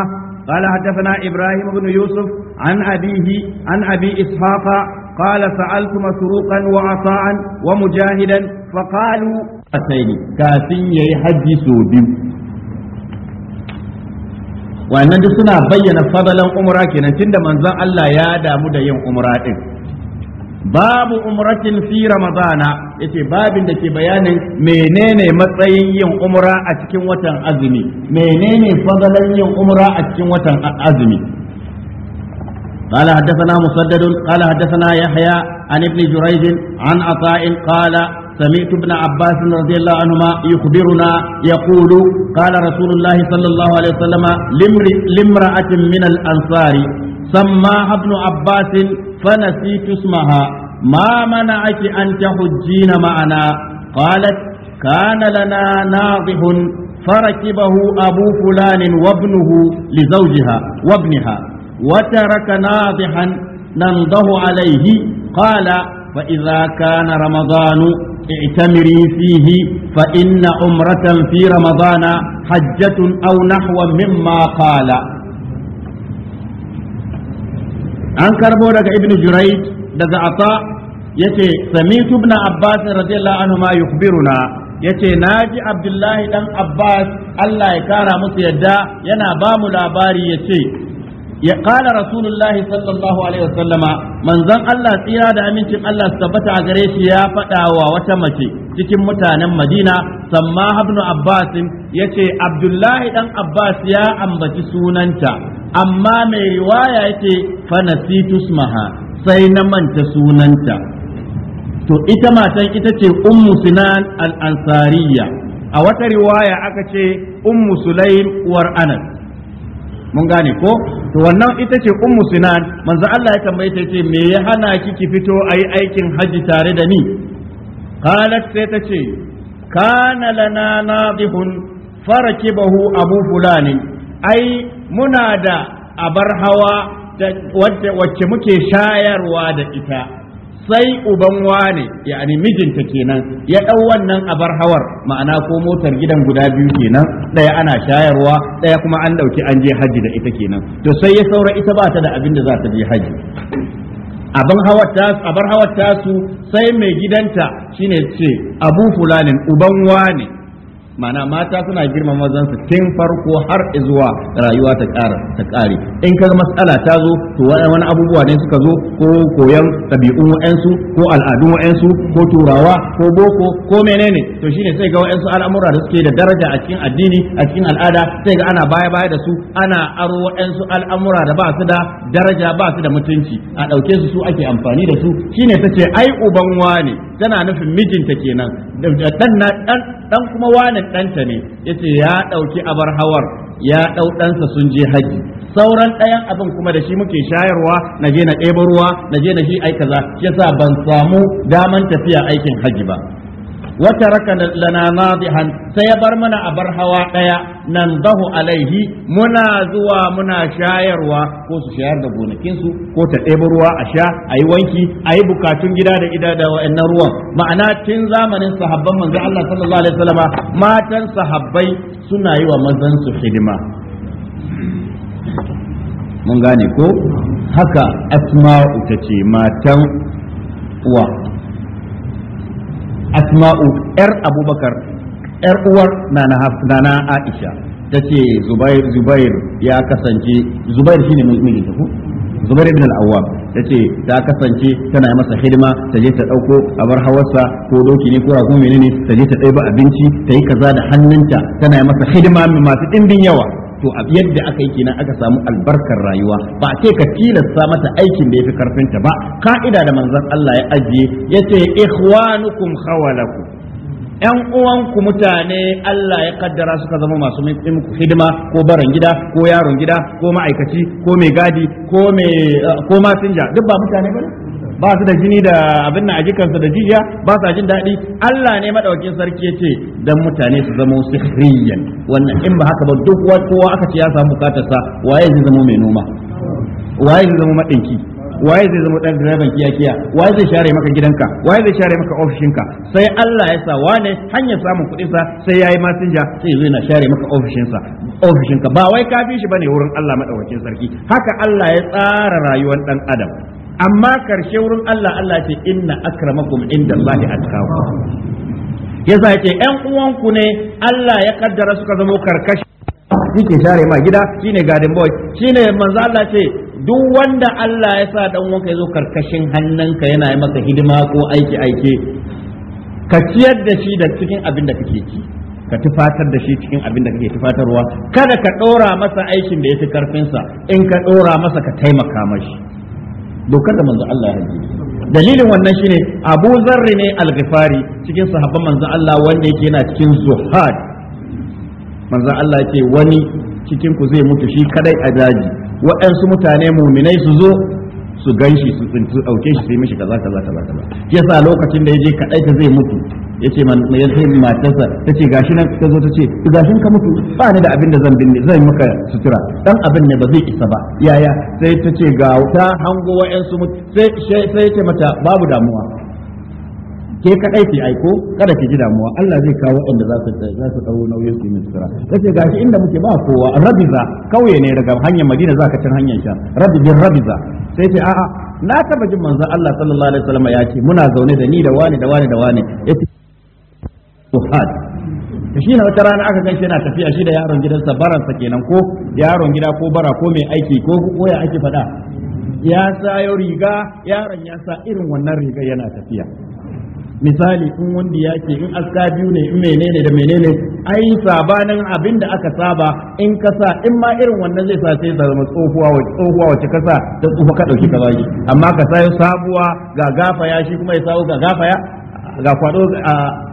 Speaker 1: قال حدثنا إبراهيم بن يوسف عن أبيه عن أبي إسحاق قال سألت مسروقا mujahidan ومجاهدا فقالوا أتيني كاسين يحجي سودي wannan duk suna bayyana fadalan umra kenan tunda manzan Allah ya damu da yin umra din babu umratin fi ramadana yace babin da ke bayanin menene matsayin yin umra a cikin watan azumi menene fadalan yin umra a cikin watan azumi قال حدثنا مسدد قال حدثنا يحيى عن ابن جريج عن عطاء قال سمعت ابن عباس رضي الله عنهما يخبرنا يقول قال رسول الله صلى الله عليه وسلم لامرأة من الأنصار سماها ابن عباس فنسيت اسمها ما منعك أن تحجين معنا قالت كان لنا ناضح فركبه أبو فلان وابنه لزوجها وابنها وترك ناضحا ننضه عليه قال فإذا كان رمضان اعتمري فيه فإن عمرة في رمضان حجة أو نحو مما قال an karɓo daga ibn jurayj daga ata yace samitu ibn abbas radiyallahu anhu ma yace naji abdullahi dan abbas Allah ya kara musu yadda yana ba mu labari yace ya kala rasulullahi sallallahu alaihi wasallama manzon Allah tsira da amincin Allah su tabbata a gare shi ya faɗa wa wata mace cikin mutanen Madina samma Habnu Abbas ce Abdullahi dan Abbas ya ambaci sunanta amma mai riwaya yace fa nasitu Maha, sai na manta sunanta to ita matan ita ce ummu sinan al-ansariya a wata riwaya aka ce ummu sulaim war anas mun gane ko to wannan ita ce ummu sinan manzo Allah ya tambaye ta ce me ya hana kiki ki fito ayi aikin haji tare da ni qalat sai ta ce kana lana nadihun farakibahu abu fulani ai muna da abar hawa wacce muke shayarwa da ita sai uban wane yani mijinta kenan ya ɗau wannan abar hawar ma'ana ko motar gidan guda biyu kenan ɗaya ana shayarwa ɗaya kuma an ɗauki an je haji da ita kenan to sai ya saura ita ba ta da abin da za ta je haji abin hawar abar hawar tasu sai mai gidanta shine ce abu fulanin uban wane ma'ana mata suna girma mazansu tun farko har zuwa rayuwa ta ƙara ta ƙare in ka matsala ta zo to wani abubuwa ne suka zo ko koyan ɗabi'un wa'ansu ko al'adun wa'ansu ko turawa ko boko ko menene to shine sai ga wa'ansu al'amura da suke da daraja a cikin addini a cikin al'ada sai ga ana baya baya da su ana aro wa'ansu al'amura da ba su da daraja ba su da mutunci a ɗauke su su ake amfani da su shine tace ai uban wane tana nufin mijinta kenan dan dan kuma wane ɗan ɗanta ne ce ya ɗauki abar hawar ya ɗau ɗansa sun je haji sauran ɗayan abin kuma da shi muke shayarwa na je na ɗebo ruwa na je na shi ai kaza yasa ban samu daman tafiya aikin haji ba wata raka lana nadihan sai ya bar mana a bar hawa ɗaya nan dahu alaihi muna zuwa muna shayarwa ko su shayar da gonakinsu ko ta ɗebo ruwa a sha a yi wanki a yi bukatun gida da gida da wa'annan ruwan ma'ana tun zamanin sahabban manzo Allah sallallahu alaihi wasallama matan sahabbai suna yi wa mazan su hidima mun gane ko haka asma'u tace matan wa asma'u yar abubakar yar uwar na aisha ta ce zubair zubair ya kasance zubair shine mijin ta ko zubair ibn al-awwab ta ce ta kasance tana masa hidima ta je ta dauko bar hawarsa ko doki ne ko rago menene ta je ta ɗaiba abinci ta yi kaza da hannunta tana masa hidima masu ɗimbin yawa to yadda aka yi kenan aka samu albarkar rayuwa ba a ce ka tilasta mata aikin da fi karfinta ba ka'ida da manzon Allah ya ajiye ya yace ikhwanukum khawalakum ‘yan uwanku mutane Allah ya kaddara suka zama masu muku hidima ko baran gida ko yaron gida ko ma'aikaci ko mai gadi ko uh, masinja duk ba mutane ba ne? ba su da jini da abin na a da jijiya ba su jin daɗi Allah ne madaukakin sarki ya ce don mutane su zama sihriyan wannan in ba haka ba duk kowa aka ce ya samu bukatarsa waye zai zama mai noma waye zai zama madinki waye zai zama dan direban kiyakiya waye zai share maka gidanka waye zai share maka ofishinka sai Allah ya sa wane hanyar samun kuɗin sa sai yi masinja sai zai na share maka ofishinsa ofishinka ba wai kafi shi ba ne wurin Allah madaukakin sarki haka Allah ya tsara rayuwar ɗan adam amma karshe wurin Allah Allah ce inna akramakum indallahi atqakum yasa ce 'yan uwanku ne Allah ya kaddara suka zama karkashi yake share ma gida shine garden boy shine manzo Allah ce duk wanda Allah ya sa dan uwanka yazo karkashin hannunka yana yi maka hidima ko aiki aiki ka ciyar da shi da cikin abin da kake ci ka tufatar da shi cikin abin da kake tufatarwa kada ka ɗora masa aikin da ya fi karfinsa in ka ɗora masa ka taimaka mashi dokar da manzo Allah ya dalilin wannan shine Abu Zarri ne al-Ghifari cikin sahabban manzo Allah wanda yake yana cikin zuhad manzo Allah yake wani cikin ku zai mutu shi kadai a daji waɗansu mutane muminai su zo su ganshi su tsinci auke shi sai mishi kaza kaza kaza kaza yasa lokacin da yaje kadai ta zai mutu yace man ya sai matarsa tace gashi nan ta zo tace gashi ka mutu ba ni da abin da zan binne zan maka sutura dan abin ne ba zai isa ba yaya sai tace ga ta hango su mutu sai sai yace mata babu damuwa ke kadai ki aiko kada ki ji damuwa Allah zai kawo waɗanda za su za su dawo nauyin su yi sutura ce gashi inda muke ba kowa rabiza kauye ne daga hanyar Madina za ka can hanyar sha rabi bin rabiza sai ce a'a na taba jin manzon Allah sallallahu alaihi wasallam ya ce muna zaune da ni da wani da wani da wani yace suhad shi na wata rana aka ganshi yana tafiya shi da yaron gidansa baransa kenan ko yaron gida ko bara ko mai aiki ko koya ake faɗa ya sayo riga yaron ya sa irin wannan riga yana tafiya misali in wanda ya ke in aska biyu ne in menene da menene ai sabanin abin da aka saba in ka sa in ma irin wannan zai sa sai zama tsohuwa wa tsohuwa ka kasa ta tsufa ka dauki ka amma ka sayo sabuwa ga gafaya shi kuma ya sawo ga gafaya ga kwado a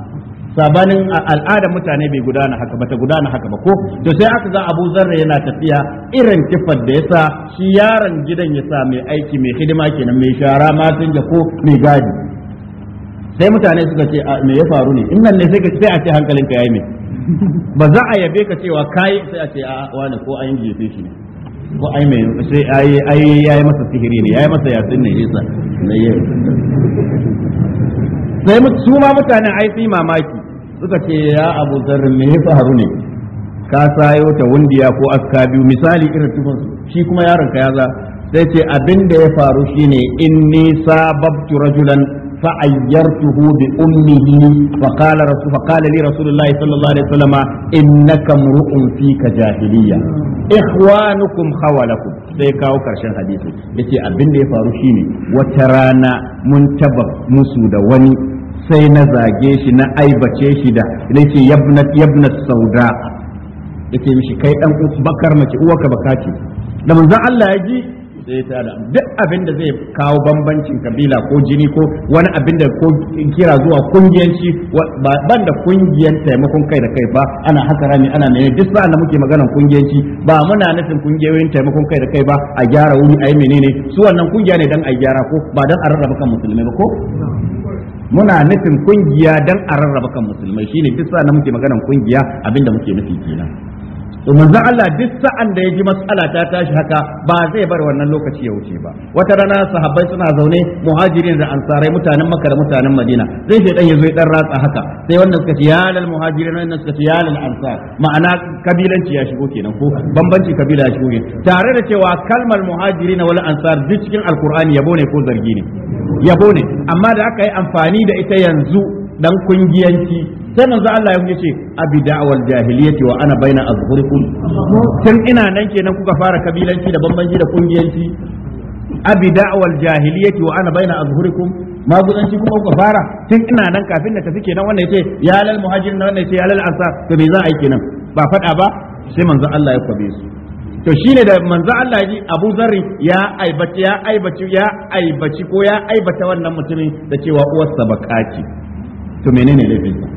Speaker 1: sabanin al'adar mutane bai gudana haka ba ta gudana haka ba ko to sai aka ga Abu Zarra yana tafiya irin kifar da yasa shi yaron gidan ya sa mai aiki mai hidima kenan mai shara matan da ko mai gadi sai mutane suka ce me ya faru ne in nan ne sai a ce hankalinka yayi me ba za a yabe ka cewa kai sai a ce a wani ko an yi shi ne ko ai mai sai ai ai yayi masa sihiri ne yayi masa yasin ne yasa sai su ma mutanen ai sai mamaki suka ce ya abu zarri me ya faru ne ka sayo ta wundiya ko aska biyu misali irin tufan shi kuma yaron ka yaza sai ce abin da ya faru shine inni sababtu rajulan فعيرته بأمه فقال رسول فقال لي in na صلى الله عليه وسلم إنك امرؤ فيك جاهلية إخوانكم خولكم sai kawo karshen hadisi yace abin da ya faru shine wata rana mun tabar musu da wani sai na zage shi na aibace shi da nake yabna yabna sauda yake mishi kai dan bakar mace uwarka baka ce da manzon Allah ya ji sai ya tada duk abin da zai kawo bambancin kabila ko jini ko wani abin da ko kira zuwa kungiyanci ban da kungiyan taimakon kai da kai ba ana haka rami ana ne duk sa'an da muke maganar kungiyanci ba muna nufin kungiyoyin taimakon kai da kai ba a gyara wuri a yi menene su wannan kungiya ne dan a gyara ko ba dan a rarraba kan musulmai ba ko muna nufin kungiya dan a rarraba kan musulmai shine duk sa na muke maganan kungiya abinda muke nufi kenan manzo Allah duk sa'an da ya ji matsala ta tashi haka ba zai bar wannan lokaci ya wuce ba wata rana sahabbai suna zaune muhajirin da ansarai mutanen makka da mutanen madina zai shi dan yazo ya dan ratsa haka sai wannan suka ce ya lal muhajirin wannan suka ce ya lal ansar ma'ana kabilanci ya shigo kenan ko bambanci kabila ya shigo ne. tare da cewa kalmar muhajirin wal ansar duk cikin alqur'ani yabo ne ko zargi ne yabo ne amma da aka yi amfani da ita yanzu dan kungiyanci sai manzo Allah ya ce abi da'wal jahiliyyati wa ana baina azhurikum tun ina nan kenan kuka fara kabilanci da bambanci da kungiyanci abi da'wal jahiliyyati wa ana baina azhurikum magudanci kuma kuka fara tun ina nan kafin na tafi kenan wannan yace ya lal muhajirin wannan yace ya lal ansar to me za a yi kenan ba fada ba sai manzo Allah ya kwabe su to shine da manzo Allah ya ji Abu Zarri ya aibaci ya aibaci ya aibaci ko ya aibata wannan mutumin da cewa uwarsa bakaki to menene laifin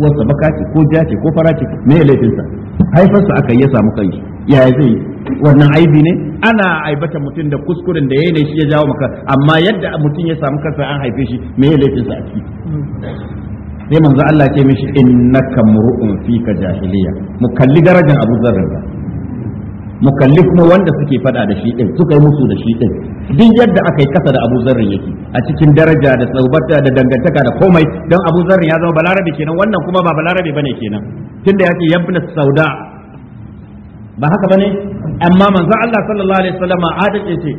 Speaker 1: uwarsa baka ce ko ja ce ko fara ce me ya laifinsa su aka ya samu kai yaya zai wannan aibi ne ana aibata mutum da kuskuren da yayi ne shi ya jawo maka amma yadda mutum ya samu kansa an haife shi me ya laifinsa a ciki sai manzo Allah ce mishi innaka muru'un fika jahiliya mu kalli darajar Abu Zarra mukallif na wanda suke fada da shi din suka yi musu da shi din duk yadda aka yi kasa da Abu Zarri yake a cikin daraja da tsaubata da dangantaka da komai don Abu Zarri ya zama balarabe kenan wannan kuma ba balarabe bane kenan tunda yake yabna sauda ba haka bane amma manzo Allah sallallahu alaihi wasallama adace ce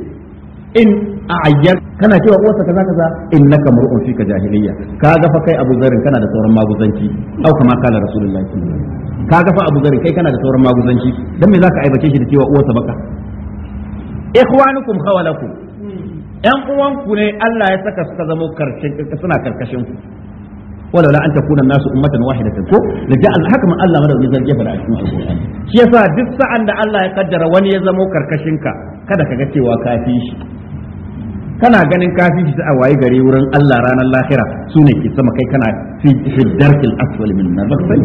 Speaker 1: in a ayyar kana cewa uwarsa kaza kaza innaka mar'un fi ka jahiliya Ka fa kai Abu Zarin kana da sauran maguzanci au kama kana Rasulullahi Ka fa Abu Zarin kai kana da sauran maguzanci dan me zaka aibace shi da cewa uwarsa baka ikhwanukum khawalakum yan uwanku ne Allah ya saka suka zama karshen suna karkashin ku la an takuna nasu ummatan wahidatan ko da ja Allah haka man Allah madawmi zarge fara a cikin alqur'ani shi yasa duk sa'an da Allah ya kaddara wani ya zamo karkashin ka kada ka ga cewa ka fi shi kana ganin kafin shi a waye gare wurin Allah ranar lahira su ne ke sama kai kana fi darkil aswal min nar bakai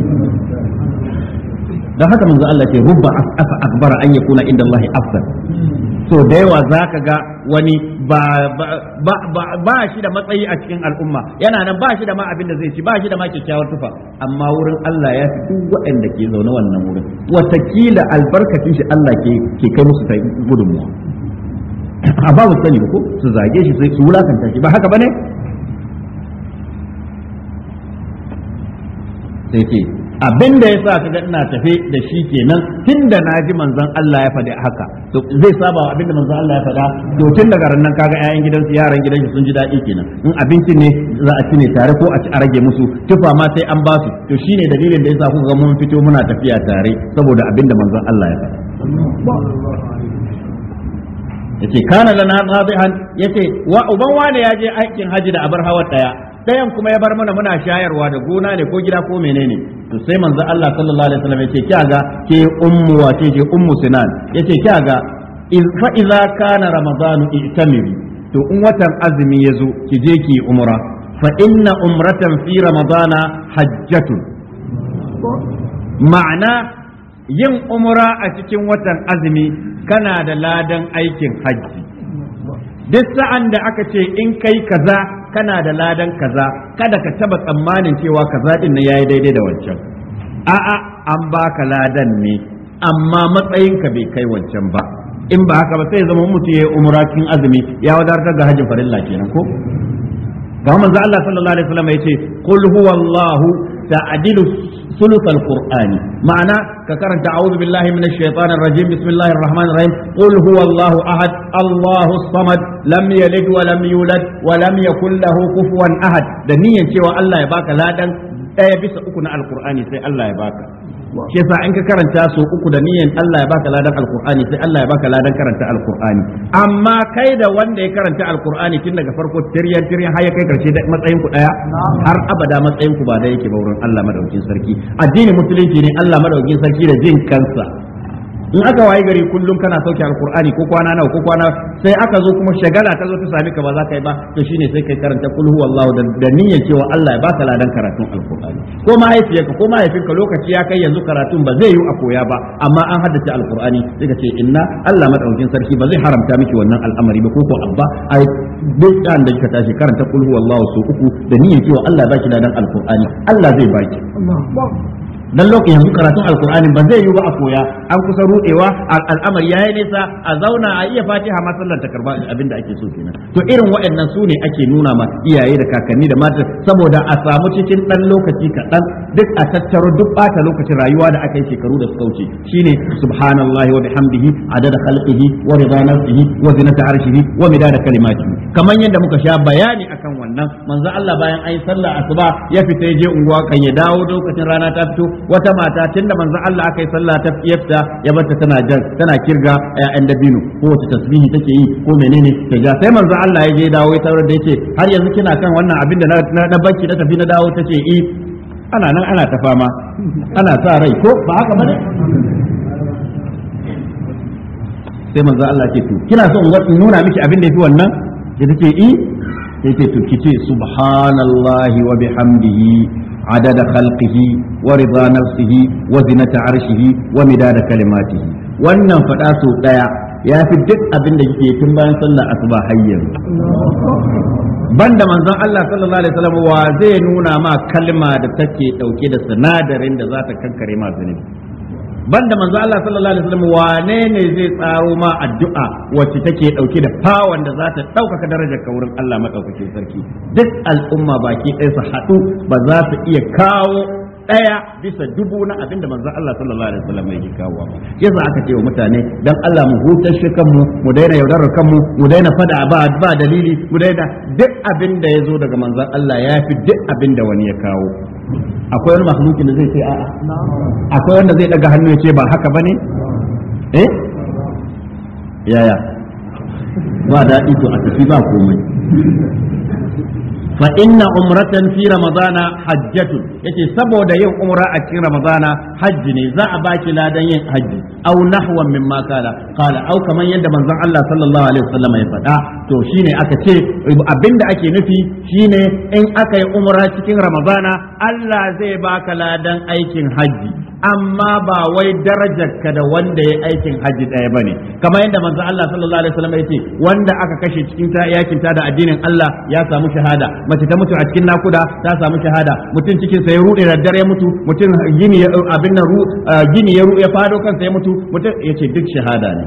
Speaker 1: dan haka manzo Allah ce rubba afa akbara an yakuna inda Allah afsal so da yawa zaka ga wani ba ba ba shi da matsayi a cikin al'umma yana nan ba shi da ma abin da zai ci ba shi da ma kyakkyawar tufa amma wurin Allah ya fi duk waɗanda ke zaune wannan wurin wata kila albarkacin shi Allah ke ke kai musu ta gudunmuwa a babu sani ba ko su zage shi su wulakanta shi ba haka bane sai ce abin da ya sa ka ga ina tafe da shi kenan tun da na ji manzon Allah ya faɗi haka to zai saba wa abin da manzon Allah ya faɗa to tun daga ran nan kaga ƴaƴan gidansu yaran gidansu sun ji daɗi kenan in abinci ne za a ci ne tare ko a ci a rage musu tufa ma sai an ba su to shine dalilin da yasa kuka ga mun fito muna tafiya tare saboda abin da manzon Allah ya faɗa yace kana lana radihan yace wa uban wane ya je aikin haji da abar hawa daya dayan kuma ya bar mana muna shayarwa da gona ne ko gida ko menene to sai manzo Allah sallallahu alaihi wasallam yace ga ke ummu wa ce je ummu sinan yace kiyaga fa idza kana ramadan i'tamiri to in watan azumi yazo ki je ki umra fa inna umratan fi ramadana hajjatun ma'ana yin umura a cikin watan azumi kana da ladan aikin hajji duk sa'an da aka ce in kai kaza kana da ladan kaza kada ka taba tsammanin cewa kaza din na yayi daidai da wancan a'a an baka ladan ne amma matsayinka bai kai wancan ba in ba haka ba sai zama mutum ya umura cikin azumi ya wadatar ga hajjin farilla kenan ko ga manzo Allah sallallahu alaihi wasallam yace qul huwallahu ta'dilu ثلث القرآن معنى ككرنت أعوذ بالله من الشيطان الرجيم بسم الله الرحمن الرحيم قل هو الله أحد الله الصمد لم يلد ولم يولد ولم يكن له كفوا أحد دنيا cewa Allah ya baka ladan ɗaya bisa uku na alkur'ani sai Allah ya baka shi sa in ka karanta su uku da niyan Allah ya baka ladan alqur'ani sai Allah ya baka ladan karanta alkur'ani. amma kai da wanda ya karanta alkur'ani tun daga farko tiryan tiryan har ya kai karshe da matsayin ku daya har abada matsayin ku ba da yake ba wurin Allah madaukin sarki addini musulunci ne Allah madaukin sarki da jin kansa in aka wayi gari kullum kana sauke alkur'ani ko kwana nawa ko kwana sai aka zo kuma shagala ta zo ta sami ka ba za ka yi ba to shine sai kai karanta kul huwallahu da niyyar cewa Allah ya baka ladan karatun alkur'ani ko mahaifiyarka ko mahaifinka lokaci ya kai yanzu karatun ba zai yi a koya ba amma an haddace alkur'ani sai ka ce inna Allah madaukakin sarki ba zai haramta miki wannan al'amari ba ko ko abba ai duk da kika tashi karanta kul huwallahu su uku da niyyar cewa Allah ya baki ladan alkur'ani Allah zai baki dan lokacin yanzu karatun alkur'ani ba zai yi ba a koya an kusa rudewa al'amari yayi nisa a zauna a iya fatiha ma sallanta ta abin da ake so kenan to irin waɗannan su ne ake nuna ma iyaye da kakanni da mata saboda a samu cikin dan lokaci kaɗan duk a tattaro duk bata lokacin rayuwa da aka yi shekaru da suka wuce shine subhanallahi wa bihamdihi adada khalqihi wa rida nafsihi wa zinata arshihi wa midada kalimatihi kamar yadda muka sha bayani akan wannan manzo Allah bayan ayi sallar asuba ya fita je unguwa kan ya dawo lokacin rana ta fito wata mata tunda manzon Allah aka yi sallah ta fiyafta ya barta tana jan tana kirga ƴaƴan dabino ko wata tasbihi take yi ko menene ta ja sai manzon Allah ya je dawo ya tarar da yake har yanzu kina kan wannan abin da na banki na tafi na dawo tace eh ana nan ana ta fama ana sa rai ko ba haka bane sai manzo Allah ke to kina so in nuna miki abin da yafi wannan da take i eh. sai ce to kice subhanallahi wa bihamdihi Ada da عدد خلقه ورضا نفسه وزنة عرشه ومداد كلماته wannan faɗa sau ɗaya ya fi duk abin da kike tun bayan sallar asuba hayyan banda manzon Allah sallallahu alaihi wasallam wa zai nuna ma kalima da take ɗauke da sinadarin da za ta kankare ma zunubi banda manzo Allah sallallahu alaihi wasallam wane ne zai tsaro ma addu'a wacce take dauke da fawon da za ta daukaka darajar ka wurin Allah madaukakin sarki duk al'umma baki ɗaya su haɗu ba za su iya kawo ɗaya bisa dubu na abin da manzon Allah sallallahu alaihi wasallam yake kawo yasa aka ce wa mutane dan Allah mu hutar shi kanmu mu daina yaudarar kanmu mu daina fada ba ba dalili mu daina duk abin da ya zo daga manzon Allah ya fi duk abin da wani ya kawo akwai wani mahluki da zai ce a'a akwai wanda zai daga hannu ya ce ba haka bane eh yaya ba daɗi to a tafi ba komai fa inna umratan fi ramadana hajjatun yace saboda yin umra a cikin ramadana hajji ne za a baki ladan yin hajji aw nahwan mimma kala kala aw kaman yadda manzon Allah sallallahu alaihi wasallam ya faɗa to shine aka ce abinda ake nufi shi ne in aka yi umra cikin ramadana Allah zai baka ladan aikin hajji amma ba wai ka da wanda ya aikin hajji ɗaya ne? kamar yadda manzo Allah sallallahu alaihi wasallam yace wanda aka kashe cikin ta da addinin Allah ya samu shahada mace ta mutu a cikin nakuda ta samu shahada mutum cikin sa ya rude da dare mutu mutum gini abin nan gini ya ya fado kansa ya mutu mutum yace duk shahada ne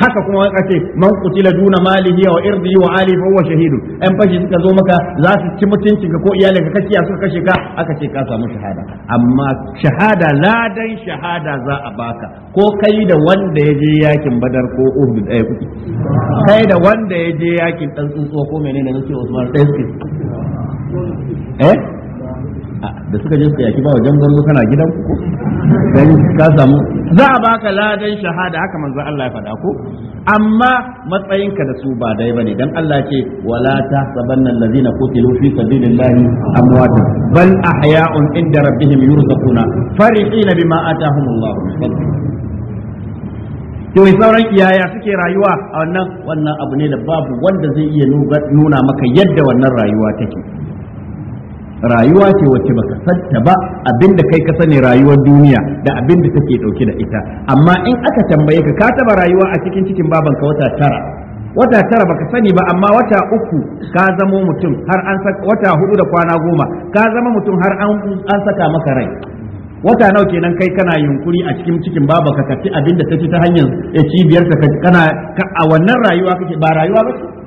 Speaker 1: haka kuma aka ce man qutila duna malihi wa irdihi wa ali fa huwa shahidu an fashi suka zo maka za su ci mutuncin ka ko iyalinka kaciya suka kashe ka aka ce ka samu shahada amma shahada ladan shahada za a baka ko kai da wanda ya je yakin badar ko uhud ɗaya eh, kuɗi kai da wanda ya je yakin dan tsuntsuwa ko menene nake usman ɗaya suke eh da suka je suka yaki ba wajen gwarzo kana gidan ku dan ka samu za a baka ladan shahada haka manzo Allah ya faɗa ko amma matsayinka da su ba dai bane dan Allah ce wala tahsabanna allazina qutilu fi sabilillahi amwat bal ahya'un inda rabbihim yurzaquna farihina bima atahumullahu min fadlihi to sauran iyaya suke rayuwa a wannan wannan abu ne da babu wanda zai iya nuna maka yadda wannan rayuwa take rayuwa ce wacce baka santa ba abinda kai ka sani rayuwar duniya da abinda take dauke da ita amma in aka tambaye ka ka taba rayuwa a cikin cikin babanka wata tara wata tara baka sani ba amma wata uku ka zamo mutum har an saka wata hudu da kwana goma ka zama mutum har an an saka maka rai wata nawa kenan kai kana yunkuri a cikin cikin baba ka kaci abinda ta ta hanyar eh, cibiyar ka kana a wannan rayuwa kake ba rayuwa ba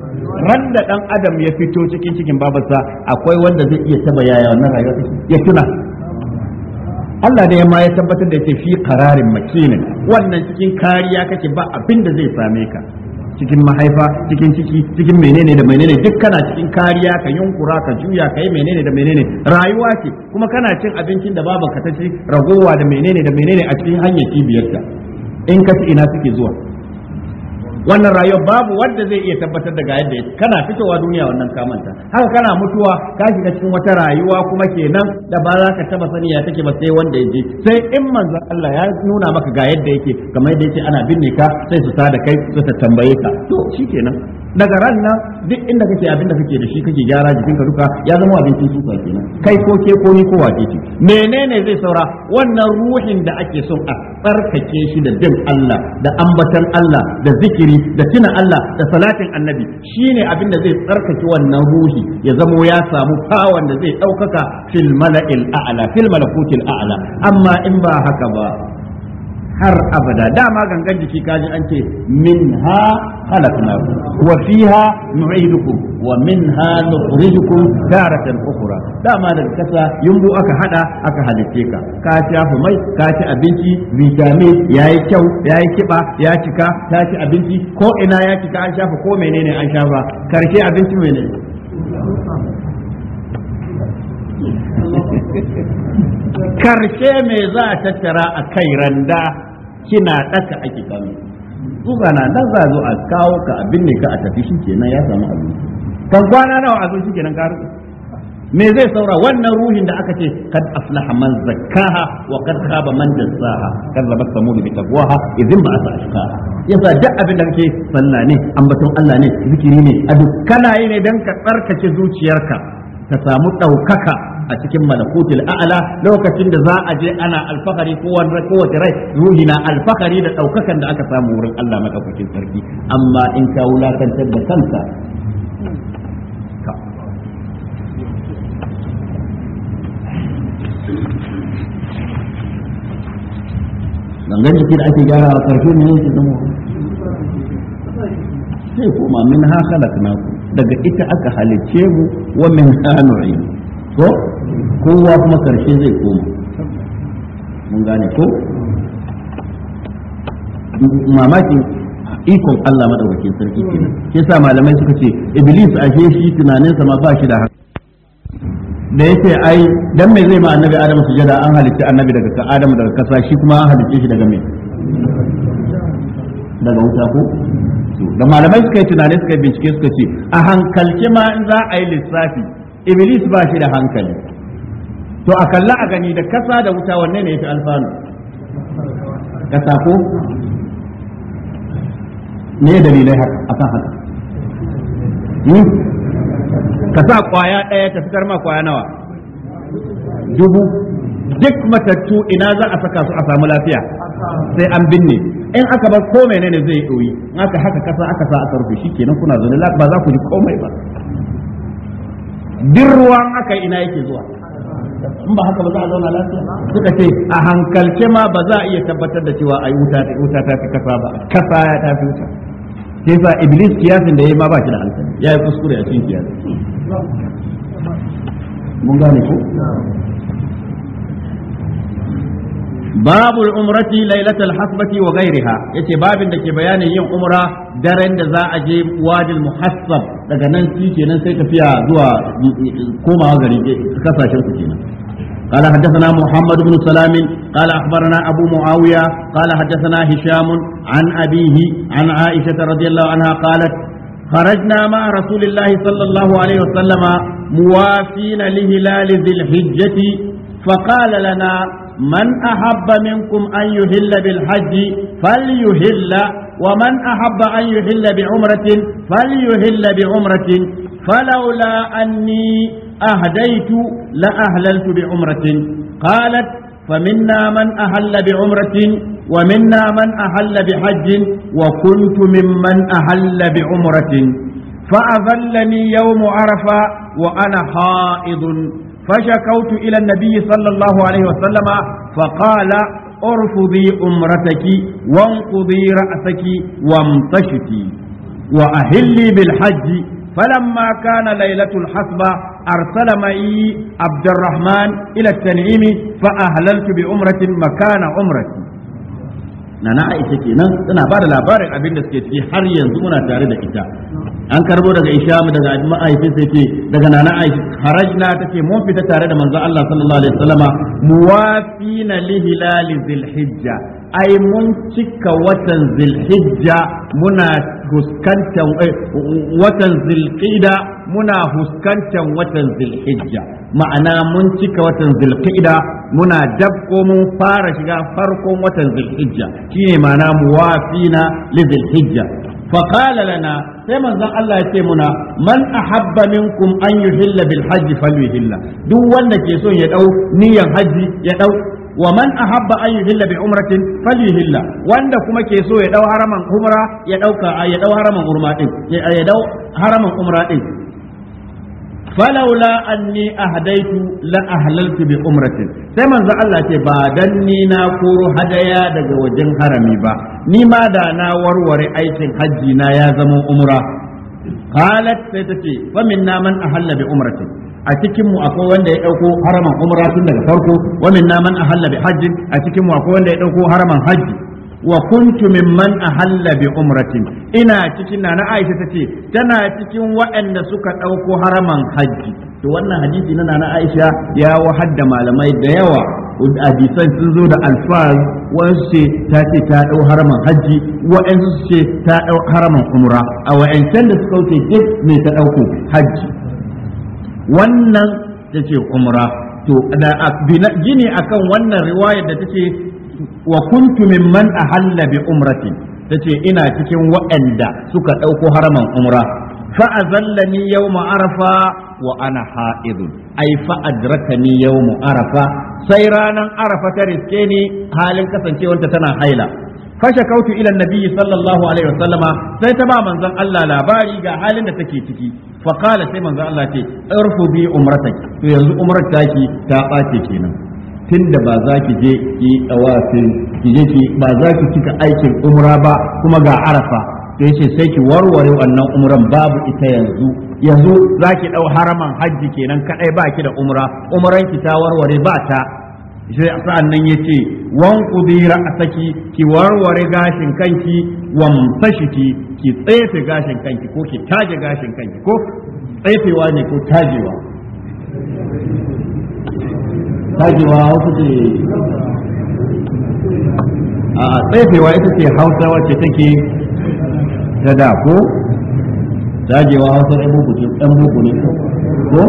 Speaker 1: ran da dan adam ya fito cikin cikin babarsa akwai wanda zai iya taba yaya wannan rayuwa ya tuna Allah ma ya tabbatar da yake fi qararin makinin wannan cikin kariya kake ba abin da zai same ka cikin mahaifa cikin ciki cikin menene da menene duk kana cikin kariya ka yunkura ka juya ka yi menene da menene rayuwa ce kuma kana cin abincin da babanka ta ci ragowa da menene da menene a cikin hanyar cibiyarta in ka ci ina suke zuwa wannan rayuwar babu wanda zai iya tabbatar da ga yadda kana fitowa duniya wannan kamanta haka kana mutuwa ka shiga cikin wata rayuwa kuma kenan da ba za ka taba sani ya take ba sai wanda ya je sai in manzon Allah ya nuna maka ga yadda yake kamar yadda yake ana binne ka sai su sada kai su ta tambaye ka to shikenan daga ran nan duk inda kake abin da kake da shi kake gyara jikinka duka ya zama abincin suka kenan kai ko ke ko ni ko wa menene zai saura wannan ruhin da ake son a tsarkake shi da bin Allah da ambatan Allah da zikiri zikiri da tuna Allah da salatin annabi shine abin da zai tsarkake wannan ruhi ya zamo ya samu kawan da zai ɗaukaka fil mala'il a'la fil malakutil a'la amma in ba haka ba har abada dama gangan jiki kaji an ce minha khalaqnakum wa fiha nu'idukum wa minha nukhrijukum taratan ukhra dama daga kasa yumbu aka hada aka halice ka ka ci mai ka ci abinci vitamin yayi kyau yayi kiba ya cika ta ci abinci ko ina ya cika an shafa ko menene an shafa karshe abinci menene karshe me za a tattara a kai randa kina daka ake kallo zuwa na dan za zo a kawo ka abin ne ka a tafi shi kenan ya samu abin kan kwana nawa a zo shi kenan ka me zai saura wannan ruhin da aka ce kad aflaha man zakkaha wa kad khaba man dassaha kazzabat samud bi taqwaha idzin ba sa ashkaha yasa duk abin da kake sallah ne ambaton Allah ne zikiri ne a duk kana yi ne dan ka tsarkake zuciyarka ka samu daukaka a cikin malakutul a'la lokacin da za a je ana alfahari ko wanda ko kowace rai ruhi na alfahari da daukakan da aka samu wurin Allah madaukakin sarki amma in ka wulakantar da kanka gangan jiki da ake gyara a karfe ne yake zama sai kuma min ha halakna daga ita aka halice mu wa min ha ko kowa kuma karshe zai koma mun gane ko mamakin ikon Allah madaukakin sarki kenan ke sa malamai suka ce iblis ashe shi tunaninsa ma ba shi da haka da yake ai dan me zai ma annabi adam sujada an halicci annabi daga adam daga kasa shi kuma an halitta shi daga me daga wuta ko da malamai suka yi tunani suka bincike suka ce a hankalce ma in za a yi lissafi iblis ba shi da hankali to a kalla a gani da kasa da wuta wanne ne yafi alfanu kasa ko me dalilai haka akan haka hmm? ka sa kwaya ɗaya ta fitar ma kwaya nawa dubu duk matattu ina za a saka su a samu lafiya sai an binne in aka bar ko menene zai yi ɗoyi in aka haka kasa aka sa aka rufe shi kenan kuna zaune ba za ku ji komai ba duk ruwan aka ina yake zuwa in ba haka ba za a zauna lafiya suka ce a hankalce ma ba za a iya tabbatar da cewa yi wuta ta wuta ta fi kasa ba kasa ya ta fi wuta sa iblis kiyasin da ya yi ma ba shi da hankali ya yi kuskure a cikin kiyasin mun gane ko babul umrati lailatul hasbati wa ghairiha yace babin da ke bayanin yin umra daren da za a je wadil muhassab daga nan shi kenan sai tafiya zuwa komawa gari kasashen ku kenan قال حدثنا محمد بن سلام قال أخبرنا أبو معاوية قال حدثنا هشام عن أبيه عن عائشة رضي الله عنها قالت خرجنا مع رسول الله صلى الله عليه وسلم موافين لهلال ذي الحجة فقال لنا من أحب منكم أن يهل بالحج فليهل ومن أحب أن يهل بعمرة فليهل بعمرة فلولا أني أهديت لأهللت بعمرة قالت فمنا من أهل بعمرة ومنا من أهل بحج وكنت ممن أهل بعمرة فأذلني يوم عرفة وأنا حائض فشكوت إلى النبي صلى الله عليه وسلم فقال ارفضي أمرتك وانقضي رأسك وامتشتي وأهلي بالحج فلما كان ليلة الحصبة أرسل معي عبد الرحمن إلى التنعيم فأهللت بعمرة مكان عمرتي nana Aisha kenan tana ba da labarin abin da suke ciki har yanzu muna tare da ita an karbo daga Isham daga Abi Ma'aifin sai ce daga nana Aisha harajna tace mun fita tare da manzon Allah sallallahu alaihi wasallama muwafina li zilhijja ai mun cika watan zilhijja eh, muna huskantan watan ma'ana mun cika watan muna dab mun fara shiga farkon watan zilhijja shine ma'ana muwafina li zilhijja fa qala lana sai manzon Allah ya ce muna man ahabba minkum an yuhilla bil hajj falyuhilla duk wanda ke so ya dau niyan hajji ya dau wa man ahabba an yuhilla bi umratin hilla, wanda kuma ke so ya dau haraman umra ya dauka ya dau haraman umra din ya dau haraman umra din falaula anni ahdaitu la ahlaltu bi umratin sai manzo Allah ce ba dan ni na koro hadaya daga wajen harami ba ni ma da na warware aikin hajji na ya zama umra qalat sai tace fa minna man ahalla bi umratin a cikin mu akwai wanda ya dauko haraman umra tun daga farko wa na man ahalla bi hajji a cikin mu akwai wanda ya dauko haraman hajji wa kuntu mimman ahalla bi umratin ina cikin nana Aisha tace tana cikin waɗanda suka dauko haraman hajji to wannan hadisi na nana Aisha ya wahadda malamai da yawa hadisan sun zo da alfaz wasu ce ta ce ta ɗau haraman hajji wa'ansu ce ta ɗau haraman umra a wa'ancan da suka wuce duk me ta ɗauko hajji wannan ta ce umra to da gini akan wannan riwaya da ta ce wa kuntu mimman ahalla bi umratin ta ce ina cikin waɗanda suka ɗauko haraman umra fa'azallani yawma arafa wa ana ha'idun ai adrakani yawma arafa sai ranan arafa ta riske ni halin kasancewanta tana haila fashakautu ila nabiyyi sallallahu alaihi wasallama sai ta ba manzon Allah labari ga halin da take ciki fa qala sai manzon Allah ce irfubi umrataki to yanzu umrar taki ta bace kenan tunda ba za ki je ki tawafin ki je ki ba za ki cika aikin umra ba kuma ga arafa to yace sai ki warware wannan umran babu ita yanzu yanzu za ki dau haraman hajji kenan kaɗai ba ki da umra umran ki ta warware ba ta sai sa'an nan ya yace wan a saki ki warware gashin kanki wa mutashiki ki tsefe gashin kanki ko ki taje gashin kanki ko tsefewa ne ko tajewa
Speaker 2: tajewa wasu ce a tsefewa ita ce hausa wacce
Speaker 1: take ta da ko tajewa hausa ɗan boko ne ko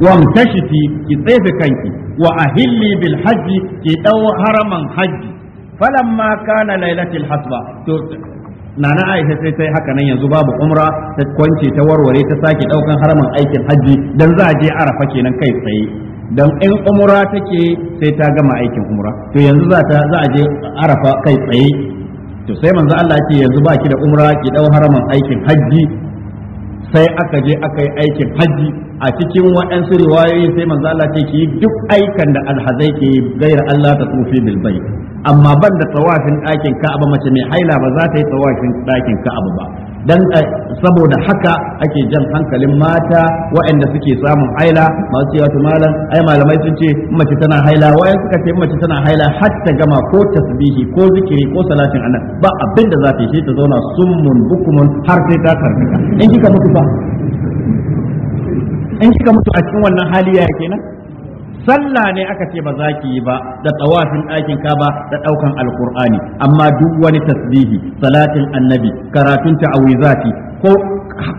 Speaker 1: wamtashiti ki tsefe kanki wa ahilli bil hajji ki dau haraman hajji falamma kana lailatul hasba to nana Aisha sai sai haka nan yanzu babu umra ta kwance ta warware ta sake daukan haraman aikin hajji dan za a je arafa kenan kai tsaye dan in umra take sai ta gama aikin umra to yanzu za ta za a je arafa kai tsaye to sai manzo Allah yake yanzu ba ki da umra ki dau haraman aikin hajji sai aka je aka yi aikin hajji a cikin waɗansu riwayoyin sai manzo Allah ce ki duk aikan da alhazai ke gaira Allah ta tsufi bil bayt amma ban da tawafin ɗakin Ka'aba mace mai haila ba za ta yi tawafin ɗakin Ka'aba ba dan eh, saboda haka ake jan hankalin mata waɗanda suke samun haila masu cewa to malam ai malamai sun ce mace tana haila wayan suka ce mace tana haila har ta gama ko tasbihi ko zikiri ko salatin anan ba abin da za ta yi sai ta zauna summun bukumun har sai ta karkata in kika mutu ba in kika mutu a cikin wannan hali ya kenan sallah ne aka ce ba za ki yi ba da tsawafin ɗakin kaba da ɗaukan alkur'ani amma duk wani tasbihi salatin annabi karatun ta'awizati ko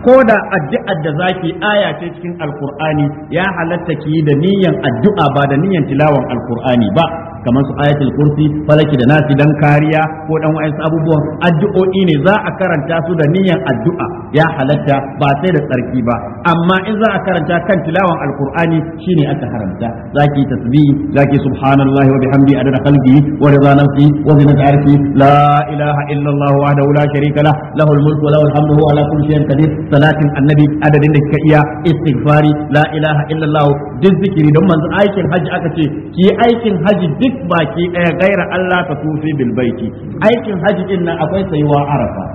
Speaker 1: ko da addu'ar da zaki aya ce cikin alkur'ani ya halatta ki yi da niyyar addu'a ba da niyyar tilawan alkur'ani ba kamar su ayatul kursi falaki da nasi dan kariya ko dan wa'ansu abubuwan addu'o'i ne za a karanta su da niyyar addu'a ya halatta ba sai da tsarki ba amma in za a karanta kan tilawan alqur'ani shine aka haramta zaki tasbihi zaki subhanallahi wa bihamdi adada qalbi wa rida nafsi wa zinata arshi la ilaha illa allah wahdahu la sharika lah lahu almulku wa alhamdu huwa ala kulli shay'in qadir salatin annabi adadin da kika iya istighfari la ilaha illa allah duk zikiri don manzon aikin haji aka ce ki aikin haji duk baki daya gaira allah ka tufi bil baiti aikin haji din nan akwai sayuwa arafa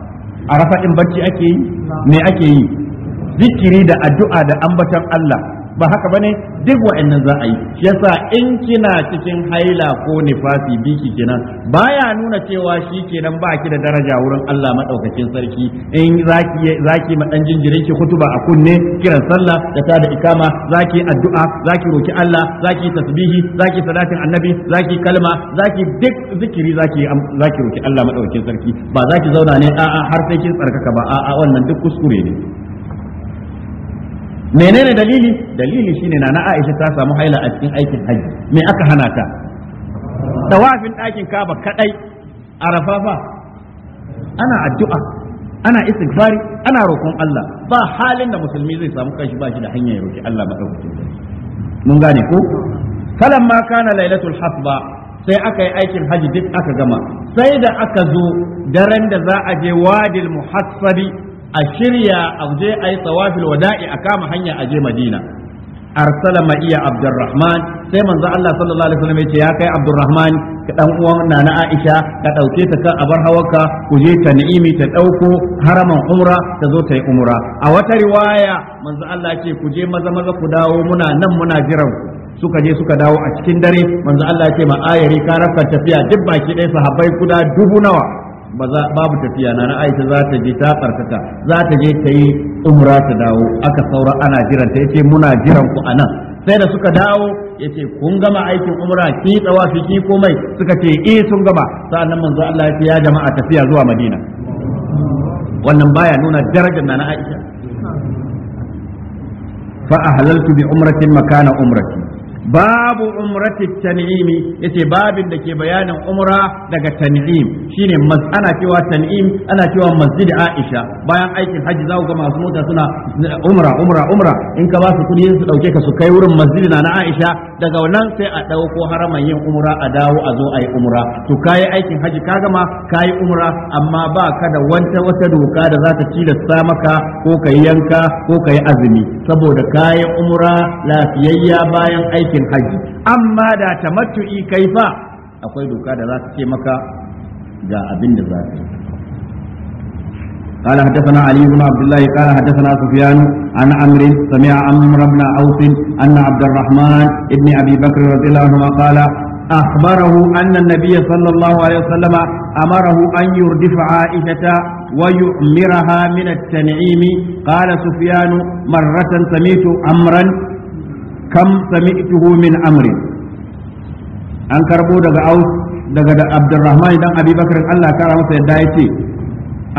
Speaker 1: a rafaɗin barci ake yi ne ake yi zikiri da addu'a da ambatan Allah ba haka bane duk wa'annan za a yi shi yasa in kina cikin haila ko nifasi biki kenan baya nuna cewa shi kenan ba ki da daraja wurin Allah madaukakin sarki in zaki zaki ma dan jinjirin ki kutuba a kunne kiran sallah da ta da ikama zaki addu'a zaki roki Allah zaki tasbihi zaki salatin annabi zaki kalma zaki duk zikiri zaki zaki roki Allah madaukakin sarki ba zaki zauna ne a'a har sai kin tsarkaka ba a'a wannan duk kuskure ne menene dalili dalili shine na Aisha ta samu haila a cikin aikin haji me aka hana ta tawafin ɗakin kaba kadai arafafa ana addu'a ana istighfari ana roƙon Allah ba halin da musulmi zai samu kanshi ba shi da hanyar roƙi Allah madaukakin mun gane ko ma kana lailatul hasba sai aka yi aikin haji duk aka gama sai da aka zo daren da za a je wadil muhassabi a shirya a je a yi tsawafil wada'i a kama hanya a je madina arsala ma iya abdurrahman sai manzo Allah sallallahu alaihi wasallam yace ya kai abdurrahman ka dan uwan nana Aisha ka dauke ta kan abar hawarka ku je ta ni'imi ta dauko haraman umra ta zo ta yi umra a wata riwaya manzo Allah yace ku je maza maza ku dawo muna nan muna jiran ku suka je suka dawo a cikin dare manzo Allah yace ma ayari ka rafa tafiya duk baki ɗaya sahabbai guda dubu nawa babu tafiya na na Aisha za ta je ta tsarkaka za ta je ta yi umra ta dawo aka saura ana jiran ta yace muna jiran ku anan sai da suka dawo yace kun gama aikin umra ki tsawafi ki komai suka ce eh sun gama sa'annan manzo Allah ya ce ya jama'a tafiya zuwa Madina wannan baya nuna darajar na na Aisha fa ahlaltu bi umratin makana umrati babu umrati tan'imi yace babin da ke bayanin umra daga tan'im shine ana cewa tan'im ana cewa masjid Aisha bayan aikin haji za ku ga masu mota suna eh, umra umra umra in ka ba su kudi su dauke ka su kai wurin masjid na Aisha daga wannan sai a dauko haraman yin umra a dawo a zo a yi umra to kai aikin haji ka gama kai umra amma ba ka da wata wata doka da za ta tilasta maka ko kai yanka ko kai azumi saboda kai umra lafiyayya bayan aiki aikin haji amma da tamattu'i kai fa akwai doka da za ta ce maka ga abin da za ka yi قال حدثنا علي بن عبد الله قال حدثنا سفيان عن عمرو سمع عمرو بن عوف ان عبد الرحمن بن ابي بكر رضي الله عنهما قال اخبره ان النبي صلى الله عليه وسلم امره ان يردف عائشه ويؤمرها من التنعيم قال سفيان مره سمعت عمرا kam sami'tuhu min amri an karbo daga aus daga da abdurrahman dan abubakar Allah kara masa yadda yace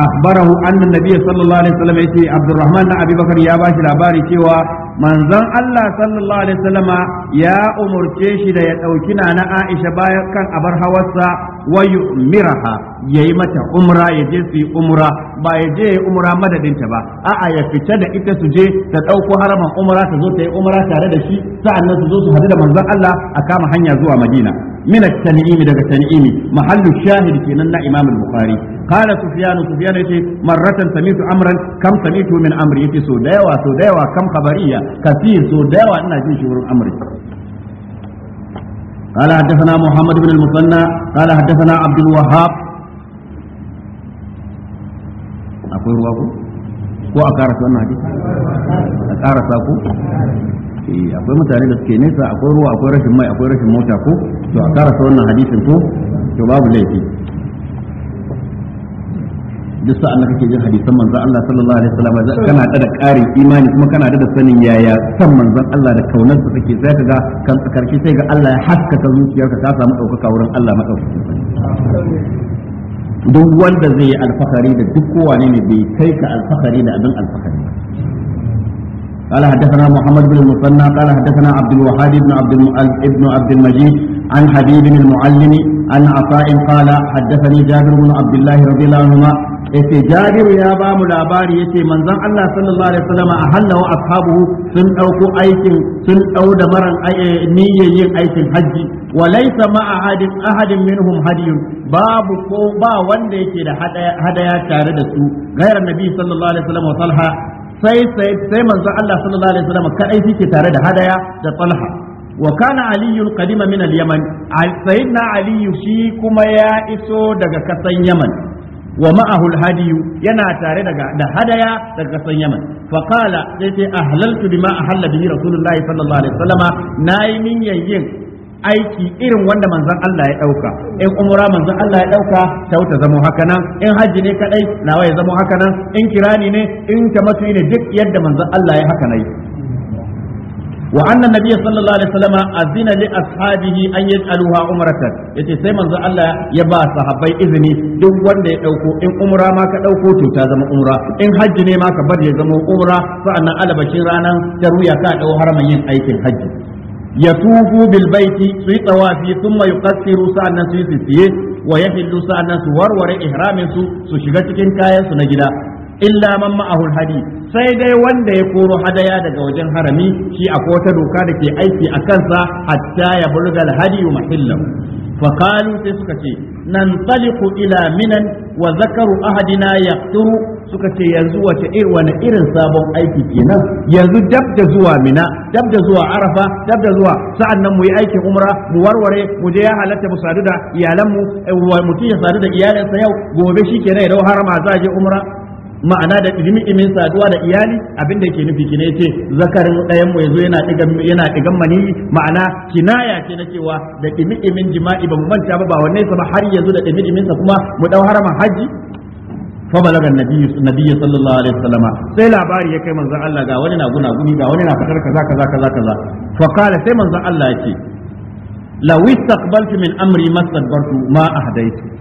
Speaker 1: akhbarahu anna nabiyyi sallallahu alaihi wasallam yace abdurrahman na abubakar ya bashi labari cewa manzon Allah sallallahu alaihi wasallam ya umurce shi da ya ɗauki na Aisha bayan kan abar hawarsa wa yu'miraha yayi mata umra ya je su yi umra ba ya je ya umra madadinta ba a'a ya fita da ita su je ta ɗauko haraman umra ta zo ta yi umra tare da shi sa'annan su zo su hadu da manzon Allah a kama hanya zuwa Madina min at-tan'imi daga tan'imi mahallu shahid kenan na Imam al-Bukhari قال سفيان سفيان يتي مرة سميت أمرا كم سميت من أمري يتي سو داوا سو داوا كم خبرية كثير سو داوا أنا جيش أمري قال حدثنا محمد بن المثنى قال حدثنا عبد الوهاب أقول رواه ko a karasa wannan hadisi a karasa ko akwai mutane da suke nesa akwai ruwa akwai rashin mai akwai rashin mota ko to a karasa wannan hadisin ko to babu laifi duk sa'an da kake jin hadisan manzon Allah sallallahu alaihi wasallam kana da da ƙarin imani kuma kana da da sanin yaya san manzon Allah da kaunar sa take sai kaga kan karshe sai ga Allah ya haskaka zuciyarka ka samu ɗaukaka wurin Allah madaukakin duk wanda zai yi alfahari da duk kowane ne bai kai ka alfahari da abin alfahari
Speaker 2: قال حدثنا محمد بن المثنى قال حدثنا عبد الوهاب بن عبد ابن عبد المجيد
Speaker 1: عن حبيب المعلم عن عطاء قال حدثني جابر بن عبد الله رضي الله عنهما yace jabiru ya ba mu labari yace manzon Allah sallallahu alaihi wasallam a halla ashabuhu sun dauko aikin sun dau da maran eh, eh, niyyar yin aikin haji wa laysa ma ahadin ahadin minhum hadiyun babu ko ba wanda yake da hadaya tare da su gairar nabi sallallahu alaihi wasallam wa talha sai sai sai manzon Allah sallallahu alaihi wasallam yake tare da hadaya da talha وكان علي قديما من اليمن سيدنا علي شي كما يا إسو دغا كسن يمن wa ma'ahu yana tare daga da hadaya daga kasan Yaman fa qala sai sai ahlaltu bima ahalla bihi rasulullahi sallallahu alaihi wasallama nayi min yayin aiki irin wanda manzon Allah ya dauka in umra manzon Allah ya dauka tauta zamo haka nan in haji ne kadai nawa ya zamo haka nan in kirani ne in tamattu ne duk yadda manzon Allah ya haka nayi wa anna nabiyya sallallahu alaihi wasallam azina li ashabihi an yaj'aluha umratan yace sai manzo Allah ya ba sahabbai izini duk wanda ya ɗauko. in umra ma ka ɗauko to ta zama umra in hajji ne ma ka bar ya zama umra sa'annan alabashin ranan taruya ka dau haramin yin aikin hajji yatufu bil baiti su yi tawafi thumma yuqassiru sa'annan su yi siye wa yahillu sa'annan su warware ihramin su su shiga cikin kayansu na gida illa man ma'ahul hadi sai dai wanda ya koro hadaya daga wajen harami shi a wata doka da ke aiki a kansa hatta ya bulga hadi mahillahu fa qalu sai suka ce nan taliqu ila minan wa zakaru ahadina yaqturu suka ce yanzu wace wani irin sabon aiki kenan yanzu dab da zuwa mina dab da zuwa arafa dab da zuwa sa'an nan mu yi aikin umra mu warware mu je ya halatta mu sadu da iyalan mu eh, mutum ya sadu da iyalansa yau gobe shi kenan ya dau harama za a je umra ma'ana da dimi saduwa da iyali abin da yake nufi kina yace zakarin ɗayan mu yazo yana digan yana digan mani ma'ana kinaya ce na cewa da dimi jima'i ba mu manta ba ba wanne sa ba har yanzu da dimi sa kuma mu dau haraman haji fa balaga annabi sallallahu alaihi wasallama sai labari ya kai manzon Allah ga wani na guna guni ga wani na fadar kaza kaza kaza kaza fa kala sai manzon Allah yace la wistaqbaltu min amri mastadbartu ma ahdaitu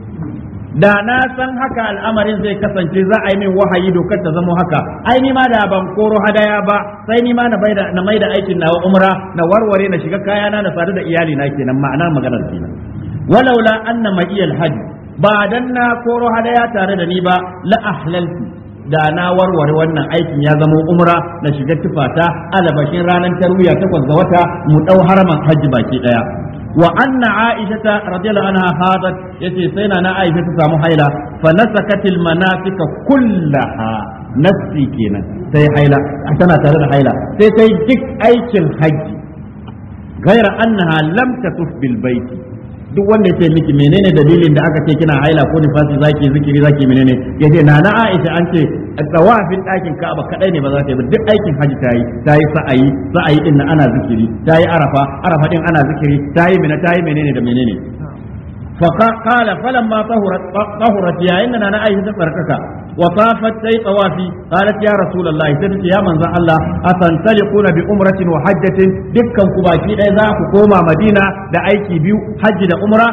Speaker 1: da na san haka al'amarin zai kasance za a yi min wahayi dokar ta zama haka ai ni ma da ban koro hadaya ba sai ni ma na maida na aikin na umra na warware na shiga kayana na sadu da iyali na kenan ma'ana maganar kenan walaula anna ma'iyal hajj ba dan na koro hadaya tare da ni ba la ahlalti da na warware wannan aikin ya zama umra na shiga tufata alabashin ranar tarwiya takwas ga wata mu dau haraman hajji baki daya wa anna aisha radiyallahu anha hadat yace sai na aisha ta samu haila fa nasakatil manasika kullaha nafsi kenan sai haila tana tare da haila sai sai duk aikin haji gaira annaha lam tasuf bil baiti duk wanda ya ce miki menene dalilin da aka ce kina haila ko nifasi zaki zikiri zaki menene yace na na aisha an ce tsawafin ɗakin ka'aba kaɗai ne ba za ta yi ba duk aikin haji ta yi ta yi sa'ayi sa'ayi din na ana zikiri ta yi arafa arafa din ana zikiri ta yi menene da menene fa falan ma tsahurat yayin da nana aisha ta tsarkaka wa safat tayi tsawafi qalat ya rasulullah sai ta ce ya manzon Allah asantaliquna bi umratin wa hajjatin dukkan ku baki ɗaya za ku koma madina da aiki biyu hajji da umra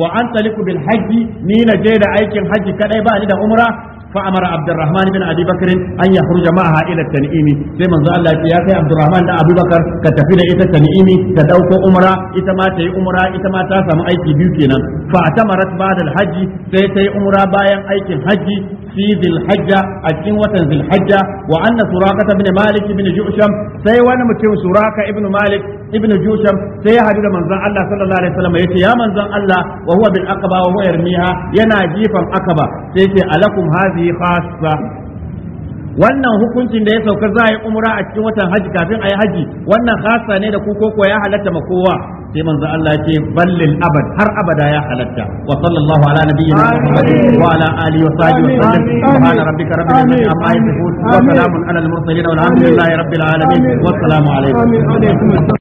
Speaker 1: wa antaliku bil hajji ni na je da aikin hajji kadai ba ni da umra فأمر عبد الرحمن بن أبي بكر أن يخرج معها إلى التنعيم زي من ذا الله يا أخي عبد الرحمن بن أبي بكر كتفيد إلى التنعيم كدوكو أمرا إتما تي أمرا إتما تاسم أيكي بيوكينا فاعتمرت بعد الحج سي تي أمرا بايا أيكي الحج في ذي الحجة أجن وتن ذي الحجة وأن سراقة بن مالك بن جؤشم سي وانا متيم سراقة ابن مالك ابن جوشم سي حديد من ذا الله صلى الله عليه وسلم يتي يا من ذا الله وهو بالأقبة وهو يرميها ينا جيفا أقبة سيتي ألكم هذه hajji khassa wannan hukuncin da ya sauka za a yi umra a cikin watan haji kafin a yi haji wannan khassa ne da ku koko ya halatta ma kowa sai manzo Allah ce ballil abad har abada ya halatta wa sallallahu ala nabiyyina muhammadin wa ala alihi wa sahbihi wa sallam subhana rabbika rabbil izzati amma yasifun wa salamun ala al mursalin walhamdulillahi rabbil alamin wassalamu alaikum